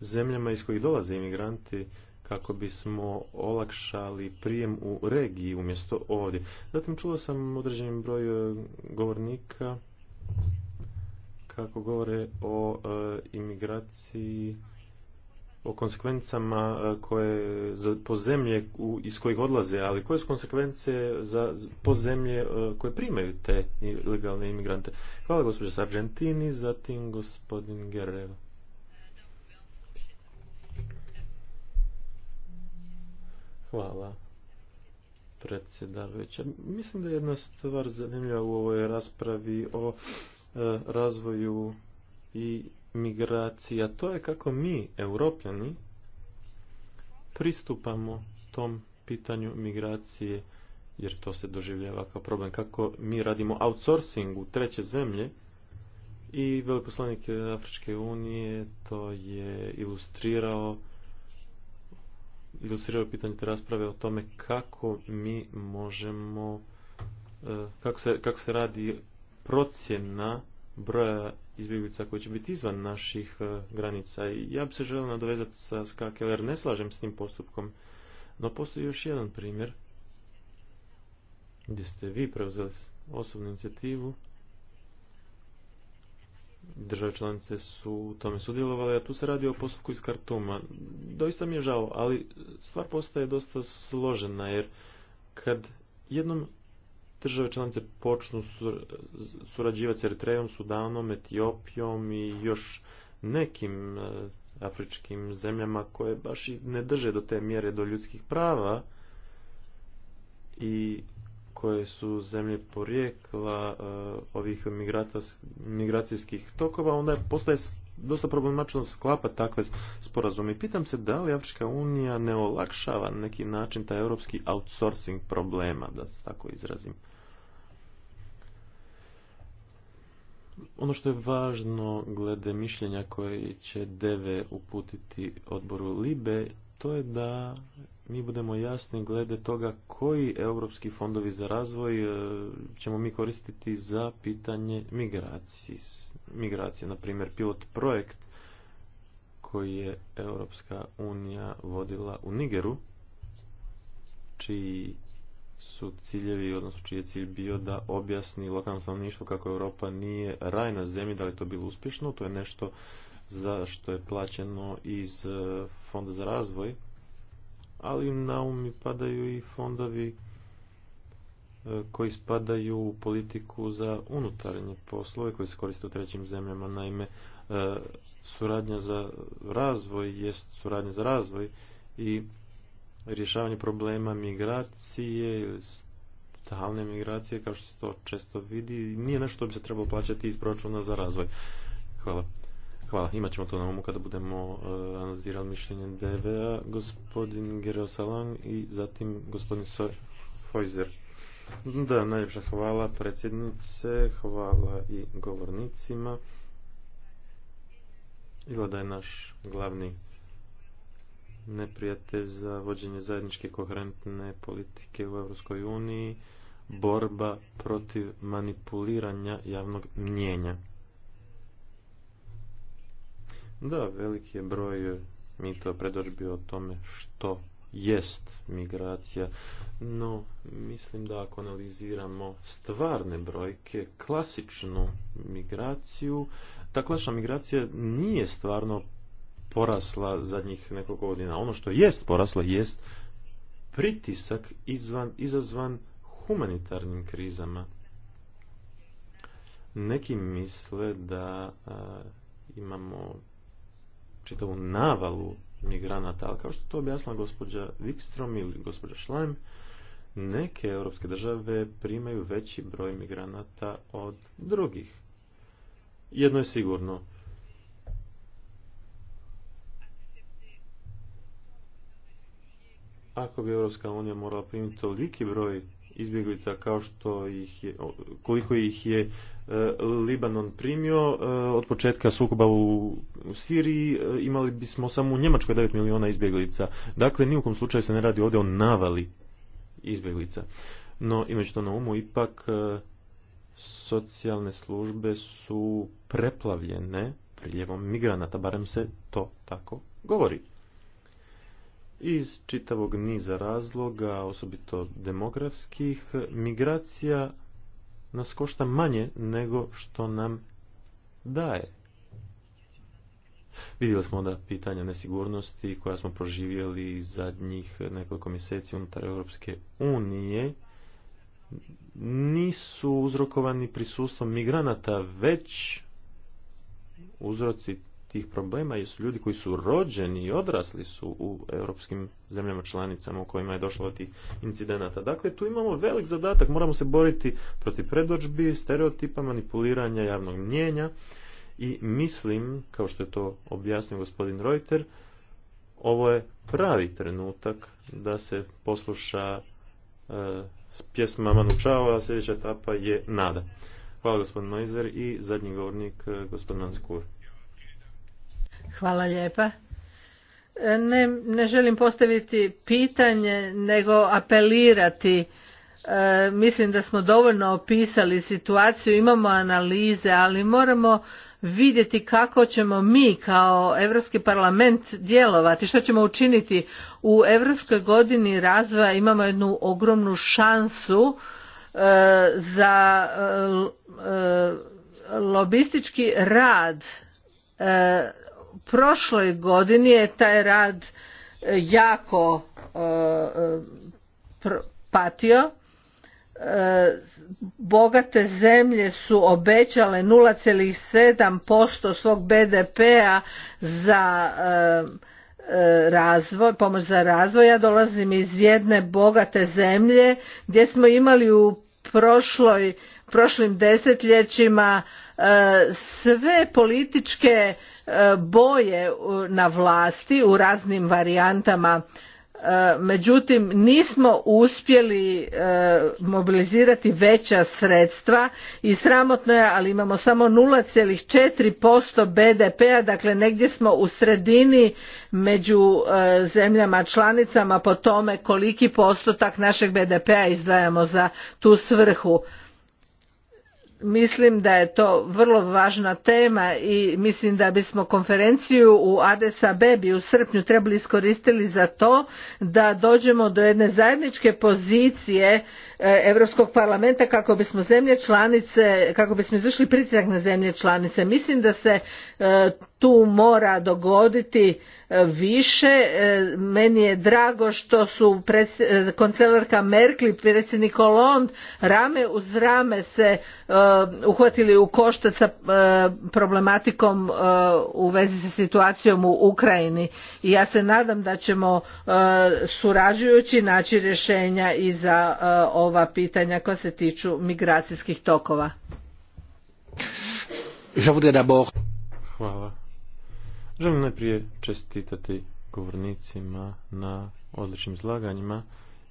zemljama iz kojih dolaze imigranti kako bismo olakšali prijem u regiji umjesto ovdje? Zatim čuo sam određeni broju e, govornika kako govore o e, imigraciji o konsekvencama e, koje po zemlje iz kojih odlaze, ali koje su konsekvence za, po zemlje e, koje primaju te ilegalne imigrante. Hvala gospođo Sargentini, zatim gospodin Gereva. Hvala predsjedavajuća. Mislim da je jedna stvar zanimljiva u ovoj raspravi o E, razvoju i migracija. To je kako mi, europljani, pristupamo tom pitanju migracije, jer to se doživljava kao problem. Kako mi radimo outsourcing u treće zemlje i veleposlanik Afričke unije to je ilustrirao ilustrirao pitanje te rasprave o tome kako mi možemo e, kako se, kako se radi procjena broja izbjeglica koji će biti izvan naših e, granica. I ja bi se želio nadovezati sa Skakel, jer ne slažem s tim postupkom. No postoji još jedan primjer gdje ste vi preuzeli osobnu inicijativu. Države članice su u tome sudjelovali, a tu se radi o postupku iz kartuma. Doista mi je žao, ali stvar postaje dosta složena, jer kad jednom države članice počnu surađivati s Eritrejom, Sudanom, Etiopijom i još nekim eh, afričkim zemljama koje baš i ne drže do te mjere do ljudskih prava i koje su zemlje porijekla eh, ovih migracijskih tokova, onda postaje dosta problematično sklapa takve sporazume. I pitam se da li Afrička unija ne olakšava na neki način taj europski outsourcing problema, da se tako izrazim. Ono što je važno glede mišljenja koje će Deve uputiti odboru Libe, to je da mi budemo jasni glede toga koji europski fondovi za razvoj e, ćemo mi koristiti za pitanje migracije migracije. Na primjer, pilot projekt koji je Europska unija vodila u Nigeru, čiji su ciljevi, odnosno čiji je cilj bio da objasni lokalno stanovništvo kako Europa nije raj na zemlji, da li to bilo uspješno, to je nešto za što je plaćeno iz eh, Fonda za razvoj, ali na umi mi padaju i fondovi koji spadaju u politiku za unutarnje poslove koji se koriste u trećim zemljama. Naime, e, suradnja za razvoj jest suradnja za razvoj i rješavanje problema migracije stalne migracije kao što se to često vidi nije nešto bi se trebalo plaćati iz proračuna za razvoj. Hvala. Hvala, imat ćemo to na umu kada budemo e, analizirali mišljenje DVA, gospodin Gereo Salang i zatim gospodin Hojzer. Da, najljepša hvala predsjednice, hvala i govornicima. Izgleda da je naš glavni neprijatelj za vođenje zajedničke koherentne politike u Europskoj uniji borba protiv manipuliranja javnog mnjenja. Da, veliki je broj mito predođbi o tome što jest migracija, no mislim da ako analiziramo stvarne brojke, klasičnu migraciju, ta klasična migracija nije stvarno porasla zadnjih nekoliko godina. Ono što jest porasla jest pritisak izvan, izazvan humanitarnim krizama. Neki misle da imamo čitavu navalu migranata, ali kao što to objasnila gospođa Wikstrom ili gospođa Schleim, neke europske države primaju veći broj migranata od drugih. Jedno je sigurno. Ako bi Europska unija morala primiti toliki broj izbjeglica kao što ih je, koliko ih je e, Libanon primio e, od početka sukoba u Siriji e, imali bismo samo u Njemačkoj 9 miliona izbjeglica. Dakle, ni u kom slučaju se ne radi ovdje o navali izbjeglica. No, imajući to na umu, ipak socijalne službe su preplavljene priljevom migranata, barem se to tako govori iz čitavog niza razloga, osobito demografskih, migracija nas košta manje nego što nam daje. Vidjeli smo da pitanja nesigurnosti koja smo proživjeli zadnjih nekoliko mjeseci unutar Europske unije nisu uzrokovani prisustvom migranata, već uzroci tih problema su ljudi koji su rođeni i odrasli su u europskim zemljama članicama u kojima je došlo do tih incidenata. Dakle, tu imamo velik zadatak, moramo se boriti protiv predođbi, stereotipa, manipuliranja javnog mnjenja i mislim, kao što je to objasnio gospodin Reuter, ovo je pravi trenutak da se posluša e, pjesma Manu a sljedeća etapa je Nada. Hvala gospodin Noizer i zadnji govornik e, gospodin Anzikur. Hvala lijepa. E, ne, ne želim postaviti pitanje, nego apelirati. E, mislim da smo dovoljno opisali situaciju, imamo analize, ali moramo vidjeti kako ćemo mi kao Europski parlament djelovati, što ćemo učiniti. U Europskoj godini razvoja imamo jednu ogromnu šansu e, za lobistički rad prošloj godini je taj rad e, jako e, e, patio bogate zemlje su obećale 0,7% svog BDP-a za razvoj, pomoć za razvoj. Ja dolazim iz jedne bogate zemlje gdje smo imali u prošloj, prošlim desetljećima sve političke boje na vlasti u raznim varijantama e, međutim nismo uspjeli e, mobilizirati veća sredstva i sramotno je ali imamo samo 0,4% BDP-a dakle negdje smo u sredini među e, zemljama članicama po tome koliki postotak našeg BDP-a izdvajamo za tu svrhu Mislim da je to vrlo važna tema i mislim da bismo konferenciju u Addis Abebi u srpnju trebali iskoristili za to da dođemo do jedne zajedničke pozicije Europskog parlamenta kako bismo zemlje članice, kako bismo izvršili pritisak na zemlje članice. Mislim da se e, tu mora dogoditi e, više. E, meni je drago što su e, koncelarka Merkel i predsjednik Hollande rame uz rame se uhvatili u koštac sa problematikom u vezi sa situacijom u Ukrajini. I ja se nadam da ćemo surađujući naći rješenja i za ova pitanja koja se tiču migracijskih tokova. Hvala. Želim najprije čestitati govornicima na odličnim izlaganjima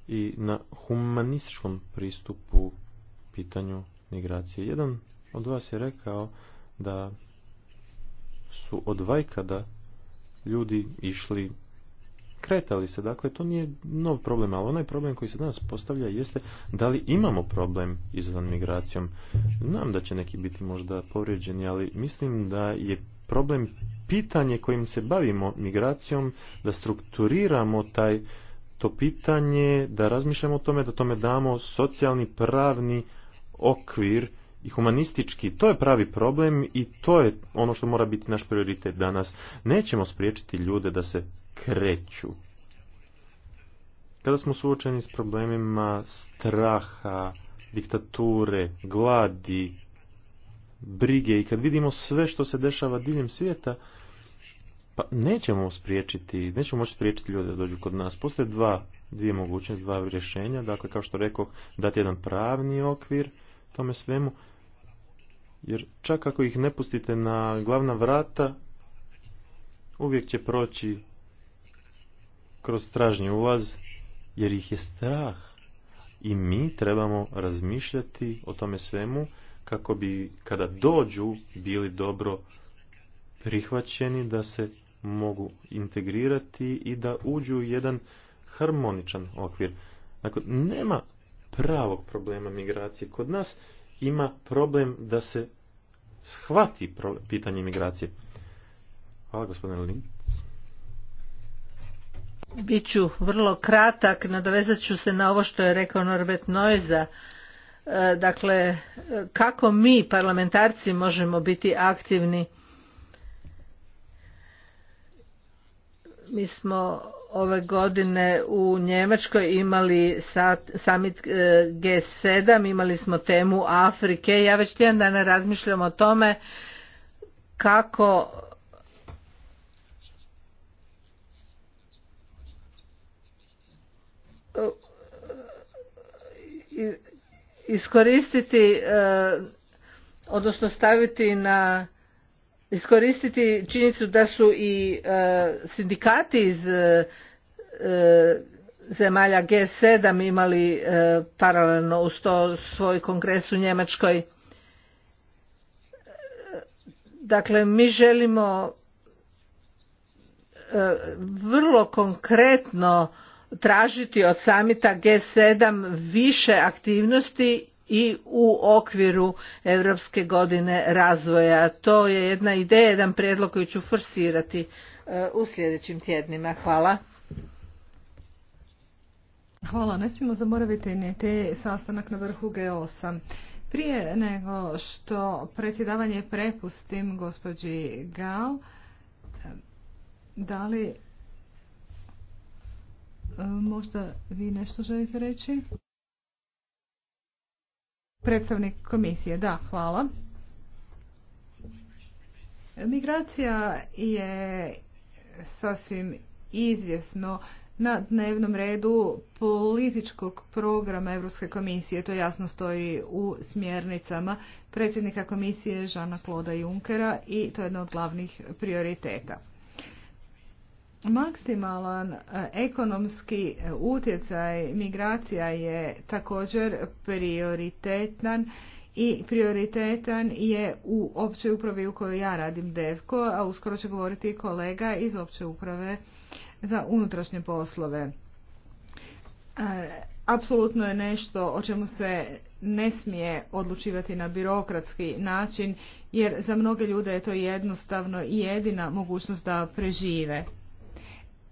i na humanističkom pristupu pitanju migracije. Jedan od vas je rekao da su od vajkada ljudi išli kretali se. Dakle, to nije nov problem, ali onaj problem koji se danas postavlja jeste da li imamo problem izvan migracijom. Znam da će neki biti možda povrijeđeni, ali mislim da je problem pitanje kojim se bavimo migracijom, da strukturiramo taj to pitanje, da razmišljamo o tome, da tome damo socijalni, pravni okvir i humanistički. To je pravi problem i to je ono što mora biti naš prioritet danas. Nećemo spriječiti ljude da se kreću. Kada smo suočeni s problemima straha, diktature, gladi, brige i kad vidimo sve što se dešava diljem svijeta, pa nećemo spriječiti, nećemo moći spriječiti ljude da dođu kod nas. Postoje dva, dvije mogućnosti, dva rješenja. Dakle, kao što rekao, dati jedan pravni okvir tome svemu. Jer čak ako ih ne pustite na glavna vrata, uvijek će proći kroz stražnji ulaz, jer ih je strah. I mi trebamo razmišljati o tome svemu kako bi kada dođu bili dobro prihvaćeni, da se mogu integrirati i da uđu u jedan harmoničan okvir. Dakle, nema pravog problema migracije kod nas, ima problem da se shvati pitanje migracije. Hvala gospodine Linc. Biću vrlo kratak, nadovezat ću se na ovo što je rekao Norbert Noiza. E, dakle e, kako mi parlamentarci možemo biti aktivni mi smo ove godine u Njemačkoj imali summit e, G7, imali smo temu Afrike. Ja već tjedan dana razmišljam o tome kako iskoristiti e, odnosno staviti na iskoristiti činjenicu da su i e, sindikati iz e, zemalja G7 imali paralelno uz to svoj kongres u Njemačkoj. Dakle, mi želimo vrlo konkretno tražiti od samita G7 više aktivnosti i u okviru Europske godine razvoja. To je jedna ideja, jedan prijedlog koji ću forsirati e, u sljedećim tjednima. Hvala. Hvala, ne smijemo zaboraviti te sastanak na vrhu G8. Prije nego što predsjedavanje prepustim gospođi Gal, e, da li E, možda vi nešto želite reći? Predstavnik komisije, da, hvala. Migracija je sasvim izvjesno na dnevnom redu političkog programa Europske komisije. To jasno stoji u smjernicama predsjednika komisije Žana Kloda Junkera i to je jedna od glavnih prioriteta. Maksimalan e, ekonomski e, utjecaj migracija je također prioritetan i prioritetan je u općoj upravi u kojoj ja radim DEVKO, a uskoro će govoriti kolega iz opće uprave za unutrašnje poslove. E, apsolutno je nešto o čemu se ne smije odlučivati na birokratski način, jer za mnoge ljude je to jednostavno i jedina mogućnost da prežive.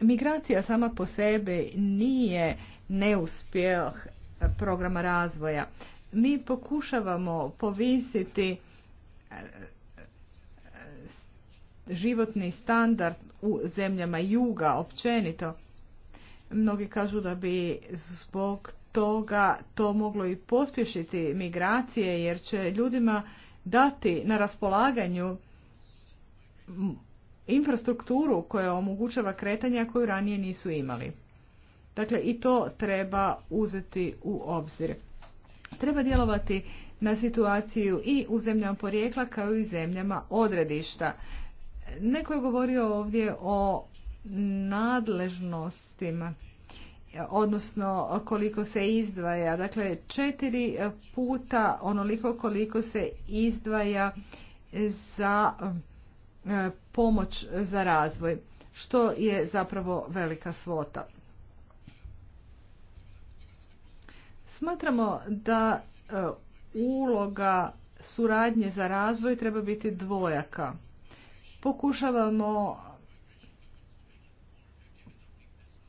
Migracija sama po sebi nije neuspjeh programa razvoja. Mi pokušavamo povisiti e, životni standard u zemljama juga općenito. Mnogi kažu da bi zbog toga to moglo i pospješiti migracije jer će ljudima dati na raspolaganju infrastrukturu koja omogućava kretanja koju ranije nisu imali. Dakle, i to treba uzeti u obzir. Treba djelovati na situaciju i u zemljama porijekla kao i zemljama odredišta. Neko je govorio ovdje o nadležnostima, odnosno koliko se izdvaja. Dakle, četiri puta onoliko koliko se izdvaja za E, pomoć za razvoj, što je zapravo velika svota. Smatramo da e, uloga suradnje za razvoj treba biti dvojaka. Pokušavamo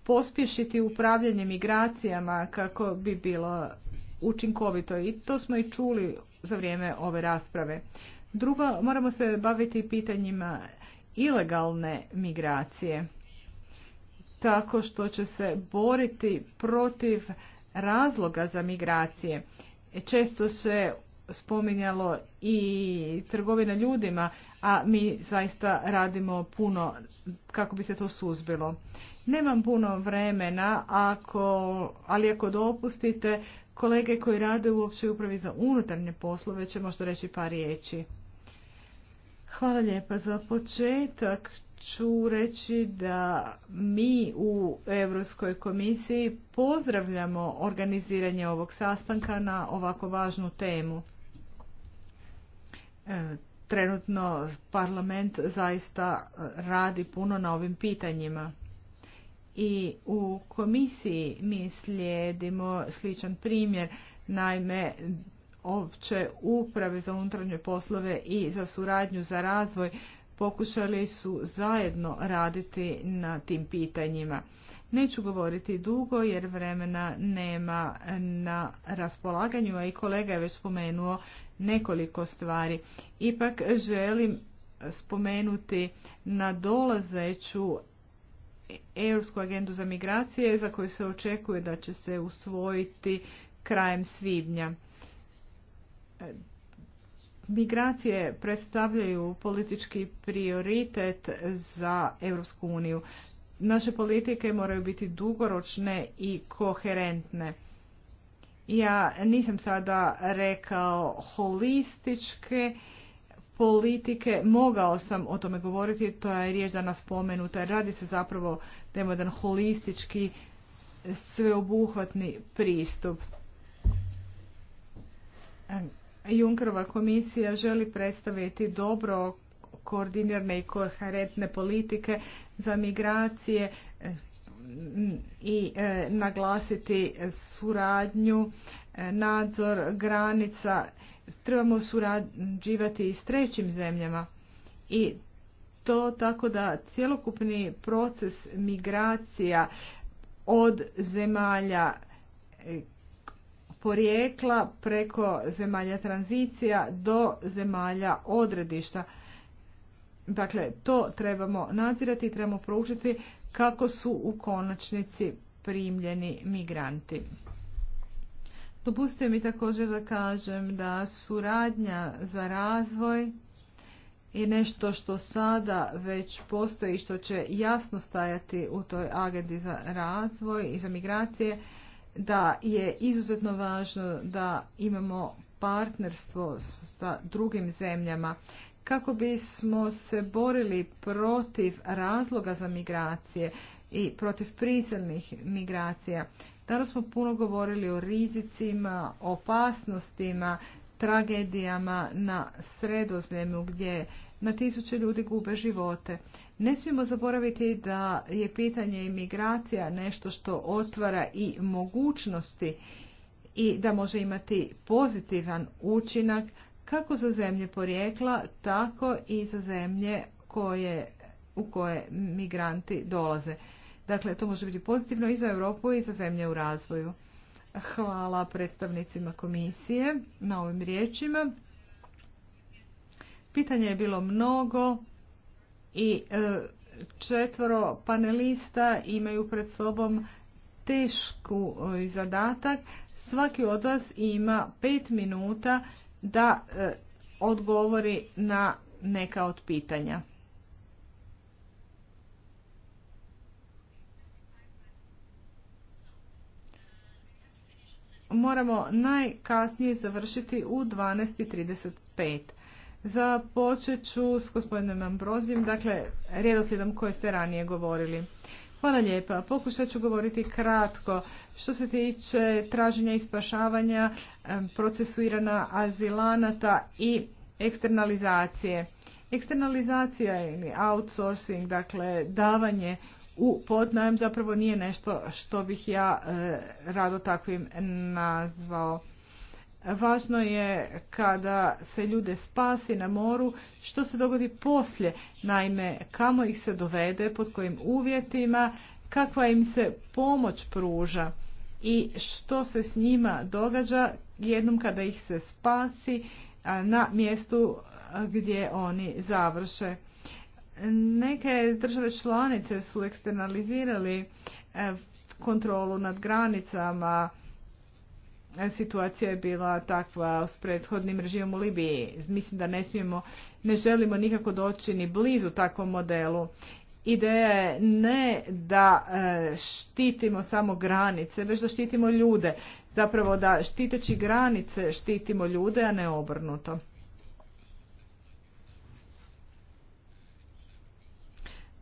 pospješiti upravljanje migracijama kako bi bilo učinkovito i to smo i čuli za vrijeme ove rasprave. Drugo, moramo se baviti pitanjima ilegalne migracije tako što će se boriti protiv razloga za migracije. Često se spominjalo i trgovina ljudima, a mi zaista radimo puno kako bi se to suzbilo. Nemam puno vremena, ako, ali ako dopustite, kolege koji rade u općoj upravi za unutarnje poslove će možda reći par riječi. Hvala lijepa. Za početak ću reći da mi u Europskoj komisiji pozdravljamo organiziranje ovog sastanka na ovako važnu temu. E, trenutno parlament zaista radi puno na ovim pitanjima. I u komisiji mi slijedimo sličan primjer. Naime, opće uprave za unutarnje poslove i za suradnju za razvoj pokušali su zajedno raditi na tim pitanjima. Neću govoriti dugo jer vremena nema na raspolaganju, a i kolega je već spomenuo nekoliko stvari. Ipak želim spomenuti na dolazeću Europsku agendu za migracije za koju se očekuje da će se usvojiti krajem svibnja. Migracije predstavljaju politički prioritet za Europsku uniju. Naše politike moraju biti dugoročne i koherentne. Ja nisam sada rekao holističke politike, mogao sam o tome govoriti, to je riječ danas spomenuta. Radi se zapravo da je jedan holistički sveobuhvatni pristup Junkerova komisija želi predstaviti dobro koordinirane i koherentne politike za migracije e, i e, naglasiti suradnju, e, nadzor granica. Trebamo surađivati i s trećim zemljama i to tako da cjelokupni proces migracija od zemalja porijekla preko zemalja tranzicija do zemalja odredišta. Dakle, to trebamo nadzirati i trebamo proučiti kako su u konačnici primljeni migranti. Dopustite mi također da kažem da suradnja za razvoj je nešto što sada već postoji i što će jasno stajati u toj agendi za razvoj i za migracije da je izuzetno važno da imamo partnerstvo sa drugim zemljama kako bismo se borili protiv razloga za migracije i protiv prisilnih migracija. Danas smo puno govorili o rizicima, opasnostima, tragedijama na sredozemlju gdje na tisuće ljudi gube živote. Ne smijemo zaboraviti da je pitanje imigracija nešto što otvara i mogućnosti i da može imati pozitivan učinak kako za zemlje porijekla, tako i za zemlje koje, u koje migranti dolaze. Dakle, to može biti pozitivno i za Europu i za zemlje u razvoju. Hvala predstavnicima komisije na ovim riječima. Pitanje je bilo mnogo i e, četvoro panelista imaju pred sobom tešku e, zadatak. Svaki od vas ima pet minuta da e, odgovori na neka od pitanja. Moramo najkasnije završiti u 12.35. Započet ću s gospodinom Ambrozijem, dakle, redoslijedom koje ste ranije govorili. Hvala lijepa. Pokušat ću govoriti kratko. Što se tiče traženja i spašavanja, procesuirana azilanata i eksternalizacije. Eksternalizacija ili outsourcing, dakle davanje u podnajem zapravo nije nešto što bih ja e, rado takvim nazvao. Važno je kada se ljude spasi na moru, što se dogodi poslije, naime kamo ih se dovede, pod kojim uvjetima, kakva im se pomoć pruža i što se s njima događa jednom kada ih se spasi na mjestu gdje oni završe. Neke države članice su eksternalizirali e, kontrolu nad granicama, situacija je bila takva s prethodnim režimom u Libiji. Mislim da ne smijemo, ne želimo nikako doći ni blizu takvom modelu. Ideja je ne da e, štitimo samo granice, već da štitimo ljude. Zapravo da štiteći granice štitimo ljude, a ne obrnuto.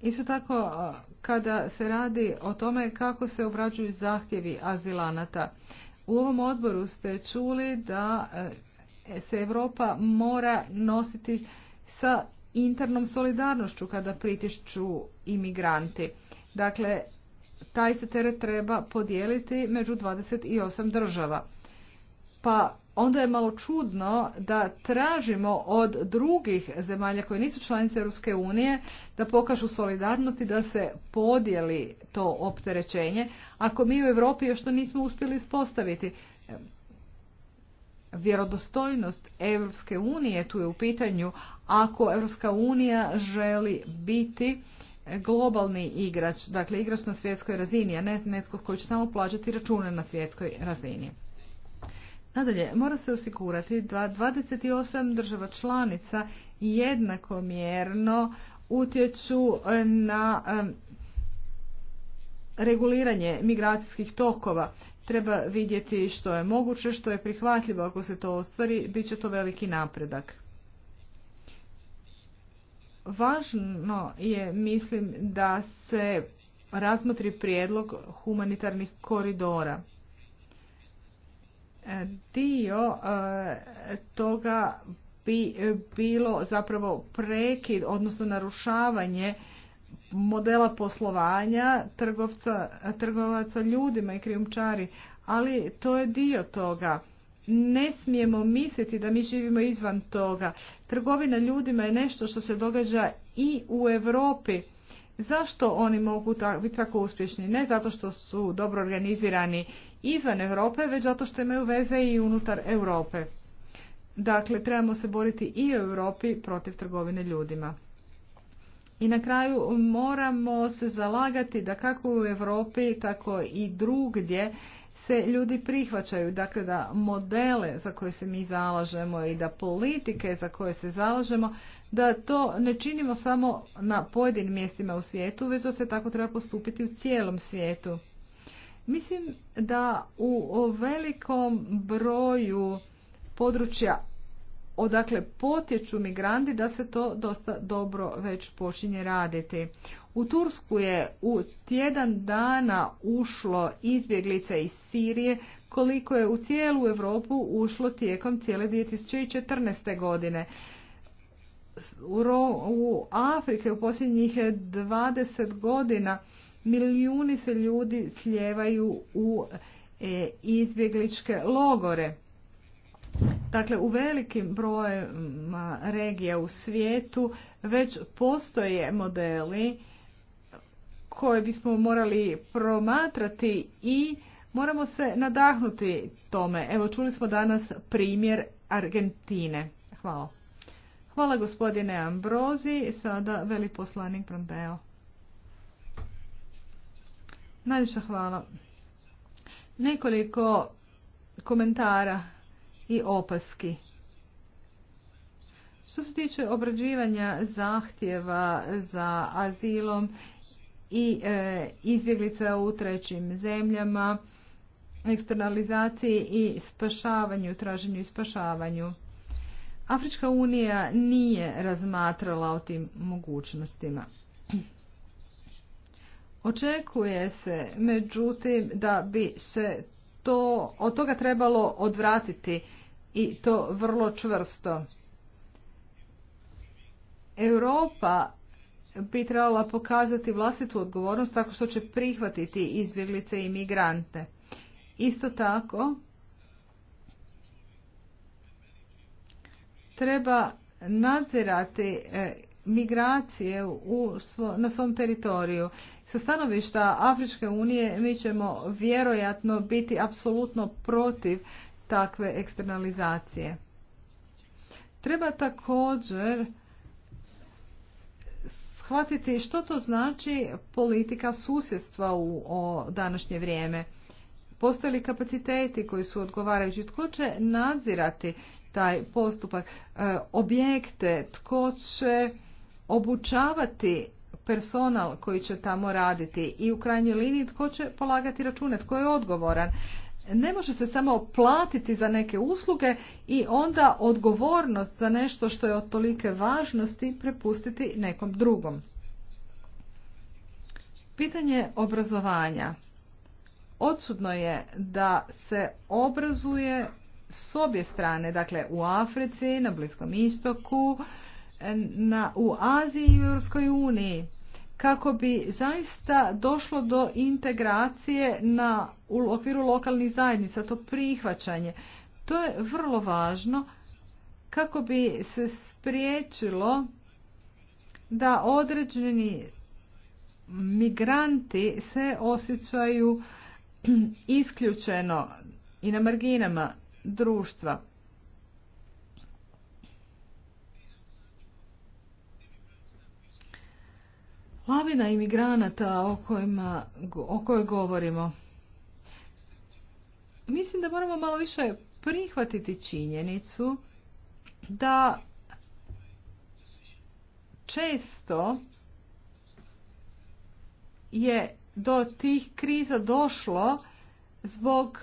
Isto tako e, kada se radi o tome kako se obrađuju zahtjevi azilanata. U ovom odboru ste čuli da e, se Europa mora nositi sa internom solidarnošću kada pritišću imigranti. Dakle, taj se teret treba podijeliti među 28 država. Pa onda je malo čudno da tražimo od drugih zemalja koje nisu članice Europske unije da pokažu solidarnost i da se podijeli to opterećenje ako mi u Europi još to nismo uspjeli ispostaviti. Vjerodostojnost Europske unije tu je u pitanju ako Europska unija želi biti globalni igrač, dakle igrač na svjetskoj razini, a ne netko koji će samo plaćati račune na svjetskoj razini. Nadalje, mora se osigurati da 28 država članica jednakomjerno utječu e, na e, reguliranje migracijskih tokova. Treba vidjeti što je moguće, što je prihvatljivo ako se to ostvari, bit će to veliki napredak. Važno je, mislim, da se razmotri prijedlog humanitarnih koridora dio e, toga bi bilo zapravo prekid, odnosno narušavanje modela poslovanja trgovca, trgovaca ljudima i krijumčari, ali to je dio toga. Ne smijemo misliti da mi živimo izvan toga. Trgovina ljudima je nešto što se događa i u Europi Zašto oni mogu biti tako uspješni? Ne zato što su dobro organizirani izvan Europe, već zato što imaju veze i unutar Europe. Dakle, trebamo se boriti i u Europi protiv trgovine ljudima. I na kraju moramo se zalagati da kako u Europi, tako i drugdje se ljudi prihvaćaju, dakle da modele za koje se mi zalažemo i da politike za koje se zalažemo, da to ne činimo samo na pojedinim mjestima u svijetu, već da se tako treba postupiti u cijelom svijetu. Mislim da u velikom broju područja odakle potječu migranti da se to dosta dobro već počinje raditi. U Tursku je u tjedan dana ušlo izbjeglica iz Sirije koliko je u cijelu Europu ušlo tijekom cijele 2014. godine. U Afrike u posljednjih 20 godina milijuni se ljudi sljevaju u e, izbjegličke logore Dakle, u velikim brojima regija u svijetu već postoje modeli koje bismo morali promatrati i moramo se nadahnuti tome. Evo, čuli smo danas primjer Argentine. Hvala. Hvala gospodine Ambrozi. Sada veli poslanik Brandeo. Najviše hvala. Nekoliko komentara i opaski. Što se tiče obrađivanja zahtjeva za azilom i izvjeglica izbjeglica u trećim zemljama, eksternalizaciji i spašavanju, traženju i spašavanju. Afrička unija nije razmatrala o tim mogućnostima. Očekuje se, međutim, da bi se to, od toga trebalo odvratiti i to vrlo čvrsto. Europa bi trebala pokazati vlastitu odgovornost tako što će prihvatiti izbjeglice i migrante. Isto tako, treba nadzirati e, migracije u na svom teritoriju. Sa stanovišta Afričke unije mi ćemo vjerojatno biti apsolutno protiv takve eksternalizacije. Treba također shvatiti što to znači politika susjedstva u o današnje vrijeme. Postoje li kapaciteti koji su odgovarajući? Tko će nadzirati taj postupak? E, objekte? Tko će obučavati personal koji će tamo raditi i u krajnjoj liniji tko će polagati račune, tko je odgovoran. Ne može se samo platiti za neke usluge i onda odgovornost za nešto što je od tolike važnosti prepustiti nekom drugom. Pitanje obrazovanja. Odsudno je da se obrazuje s obje strane, dakle u Africi, na Bliskom istoku, na, u Aziji i u Europskoj uniji kako bi zaista došlo do integracije na, u okviru lokalnih zajednica, to prihvaćanje. To je vrlo važno kako bi se spriječilo da određeni migranti se osjećaju isključeno i na marginama društva. lavina imigranata o, o kojoj govorimo. Mislim da moramo malo više prihvatiti činjenicu da često je do tih kriza došlo zbog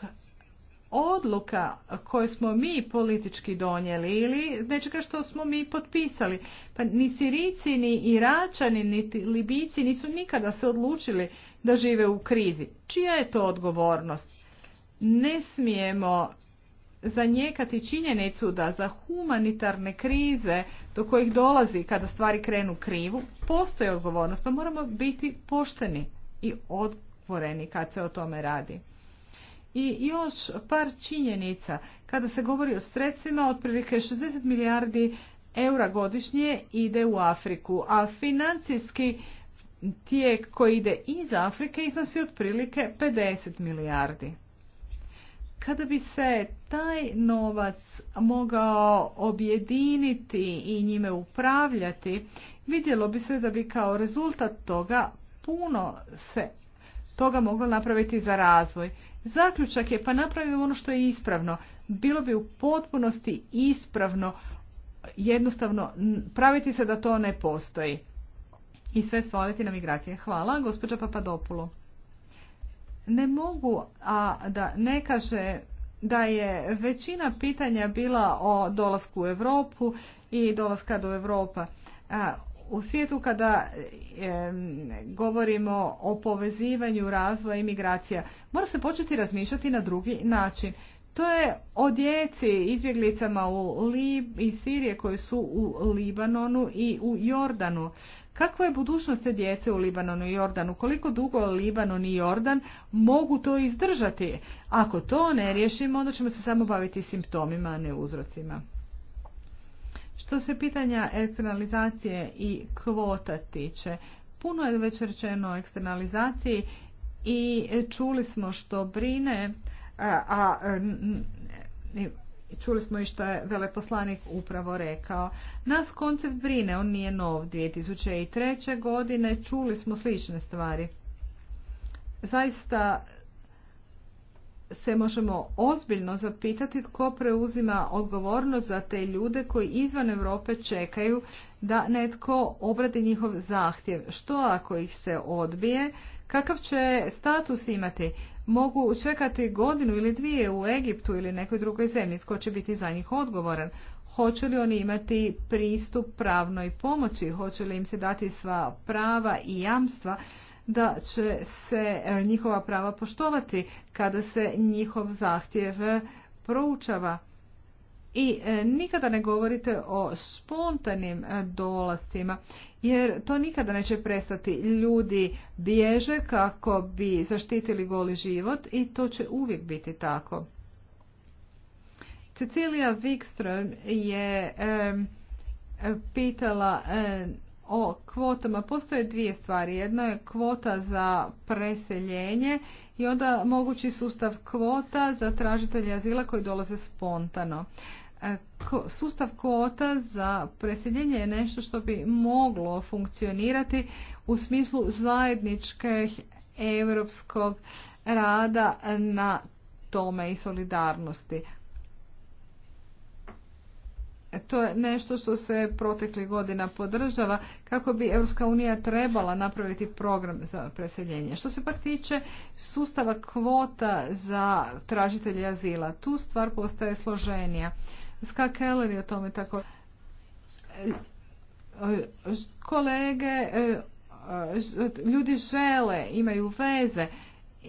odluka koje smo mi politički donijeli ili nečega što smo mi potpisali. Pa ni Sirici, ni Iračani, ni Libijci nisu nikada se odlučili da žive u krizi. Čija je to odgovornost? Ne smijemo zanijekati činjenicu da za humanitarne krize do kojih dolazi kada stvari krenu krivu, postoji odgovornost, pa moramo biti pošteni i odvoreni kad se o tome radi. I još par činjenica. Kada se govori o sredstvima, otprilike 60 milijardi eura godišnje ide u Afriku, a financijski tijek koji ide iz Afrike iznosi otprilike 50 milijardi. Kada bi se taj novac mogao objediniti i njime upravljati, vidjelo bi se da bi kao rezultat toga puno se toga moglo napraviti za razvoj. Zaključak je pa napravimo ono što je ispravno. Bilo bi u potpunosti ispravno jednostavno praviti se da to ne postoji i sve svaliti na migracije. Hvala, gospođa Papadopulo. Ne mogu a da ne kaže da je većina pitanja bila o dolasku u Europu i dolaska do Europa. U svijetu kada govorimo o povezivanju razvoja i migracija, mora se početi razmišljati na drugi način. To je o djeci izbjeglicama u i Sirije koji su u Libanonu i u Jordanu. Kakva je budućnost te djece u Libanonu i Jordanu? Koliko dugo Libanon i Jordan mogu to izdržati? Ako to ne riješimo, onda ćemo se samo baviti simptomima, a ne uzrocima. Što se pitanja eksternalizacije i kvota tiče, puno je već rečeno o eksternalizaciji i čuli smo što brine, a, a čuli smo i što je veleposlanik upravo rekao. Nas koncept brine, on nije nov 2003. godine, čuli smo slične stvari. Zaista se možemo ozbiljno zapitati tko preuzima odgovornost za te ljude koji izvan Europe čekaju da netko obradi njihov zahtjev. Što ako ih se odbije? Kakav će status imati? Mogu čekati godinu ili dvije u Egiptu ili nekoj drugoj zemlji. Tko će biti za njih odgovoran? Hoće li oni imati pristup pravnoj pomoći? Hoće li im se dati sva prava i jamstva? da će se e, njihova prava poštovati kada se njihov zahtjev e, proučava. I e, nikada ne govorite o spontanim dolastima, jer to nikada neće prestati. Ljudi bježe kako bi zaštitili goli život i to će uvijek biti tako. Cecilija Wikström je pitala o kvotama. Postoje dvije stvari. Jedna je kvota za preseljenje i onda mogući sustav kvota za tražitelje azila koji dolaze spontano. E, sustav kvota za preseljenje je nešto što bi moglo funkcionirati u smislu zajedničkih europskog rada na tome i solidarnosti to je nešto što se proteklih godina podržava kako bi Europska unija trebala napraviti program za preseljenje. Što se pak tiče sustava kvota za tražitelje azila, tu stvar postaje složenija. Ska Keller je o tome tako. Kolege, ljudi žele, imaju veze,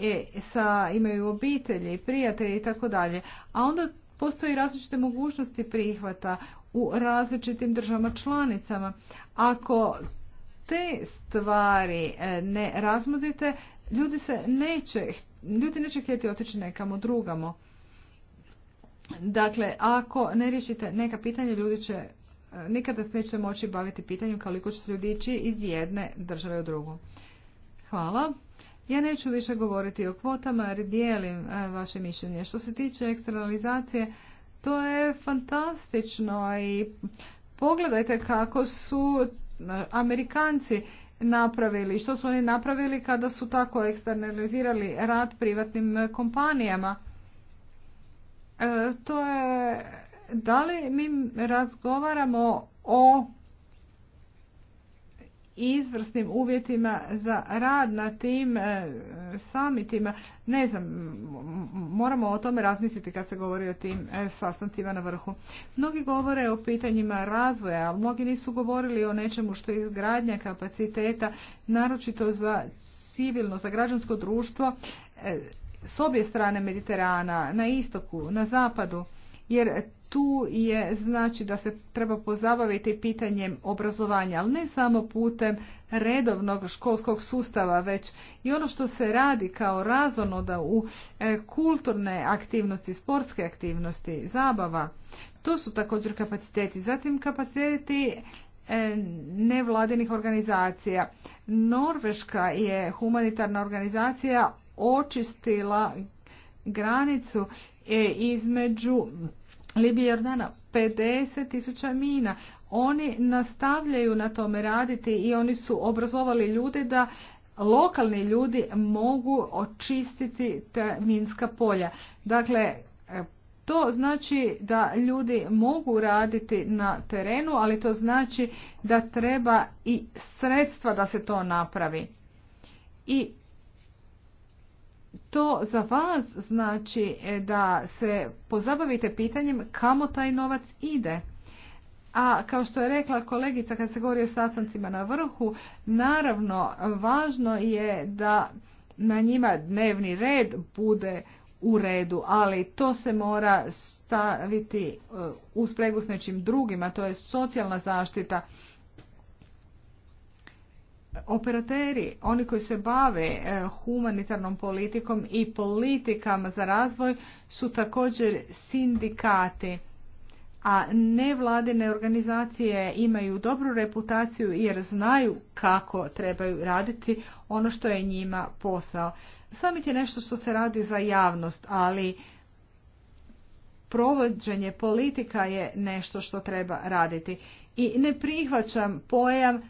e, sa, imaju obitelji, prijatelje i tako dalje. A onda Postoji različite mogućnosti prihvata u različitim državama članicama. Ako te stvari e, ne razmodite, ljudi se neće, ljudi neće htjeti otići nekamo drugamo. Dakle, ako ne riješite neka pitanja, ljudi će e, nikada se moći baviti pitanjem koliko će se ljudi ići iz jedne države u drugu. Hvala. Ja neću više govoriti o kvotama jer dijelim e, vaše mišljenje. Što se tiče eksternalizacije, to je fantastično i pogledajte kako su e, Amerikanci napravili, što su oni napravili kada su tako eksternalizirali rad privatnim kompanijama. E, to je, da li mi razgovaramo o izvrsnim uvjetima za rad na tim e, samitima. Ne znam, moramo o tome razmisliti kad se govori o tim e, sastancima na vrhu. Mnogi govore o pitanjima razvoja, ali mnogi nisu govorili o nečemu što je izgradnja kapaciteta, naročito za civilno, za građansko društvo e, s obje strane Mediterana, na istoku, na zapadu jer tu je znači da se treba pozabaviti pitanjem obrazovanja, ali ne samo putem redovnog školskog sustava, već i ono što se radi kao da u e, kulturne aktivnosti, sportske aktivnosti, zabava. To su također kapaciteti. Zatim kapaciteti e, nevladinih organizacija. Norveška je humanitarna organizacija očistila granicu e, između Libije i Jordana, 50 tisuća mina. Oni nastavljaju na tome raditi i oni su obrazovali ljude da lokalni ljudi mogu očistiti ta minska polja. Dakle, to znači da ljudi mogu raditi na terenu, ali to znači da treba i sredstva da se to napravi. I to za vas znači e, da se pozabavite pitanjem kamo taj novac ide. A kao što je rekla kolegica kad se govori o sastancima na vrhu, naravno važno je da na njima dnevni red bude u redu, ali to se mora staviti e, u spregu s nečim drugim, to je socijalna zaštita operateri, oni koji se bave eh, humanitarnom politikom i politikama za razvoj su također sindikati. A nevladine organizacije imaju dobru reputaciju jer znaju kako trebaju raditi ono što je njima posao. Samit je nešto što se radi za javnost, ali provođenje politika je nešto što treba raditi. I ne prihvaćam pojam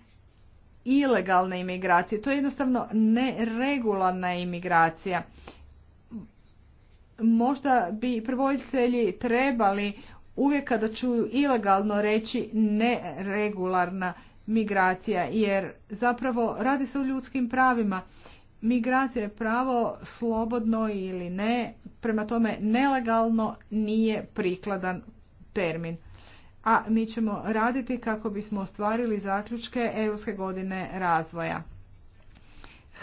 ilegalne imigracije. To je jednostavno neregularna imigracija. Možda bi prvojitelji trebali uvijek kada čuju ilegalno reći neregularna migracija, jer zapravo radi se o ljudskim pravima. Migracija je pravo slobodno ili ne, prema tome nelegalno nije prikladan termin a mi ćemo raditi kako bismo ostvarili zaključke Europske godine razvoja.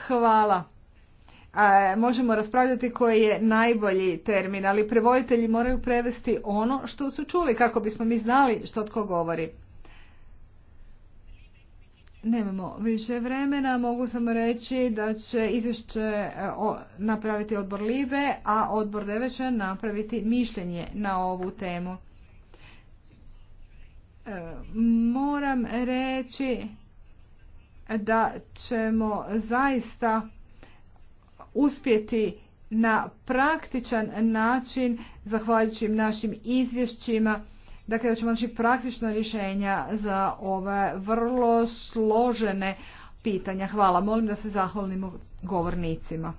Hvala. možemo raspravljati koji je najbolji termin, ali prevoditelji moraju prevesti ono što su čuli kako bismo mi znali što tko govori. Nemamo više vremena, mogu samo reći da će izvješće e, napraviti odbor Libe, a odbor Deve će napraviti mišljenje na ovu temu. Moram reći da ćemo zaista uspjeti na praktičan način, zahvaljujući našim izvješćima, dakle da ćemo naći praktična rješenja za ove vrlo složene pitanja. Hvala, molim da se zahvalimo govornicima.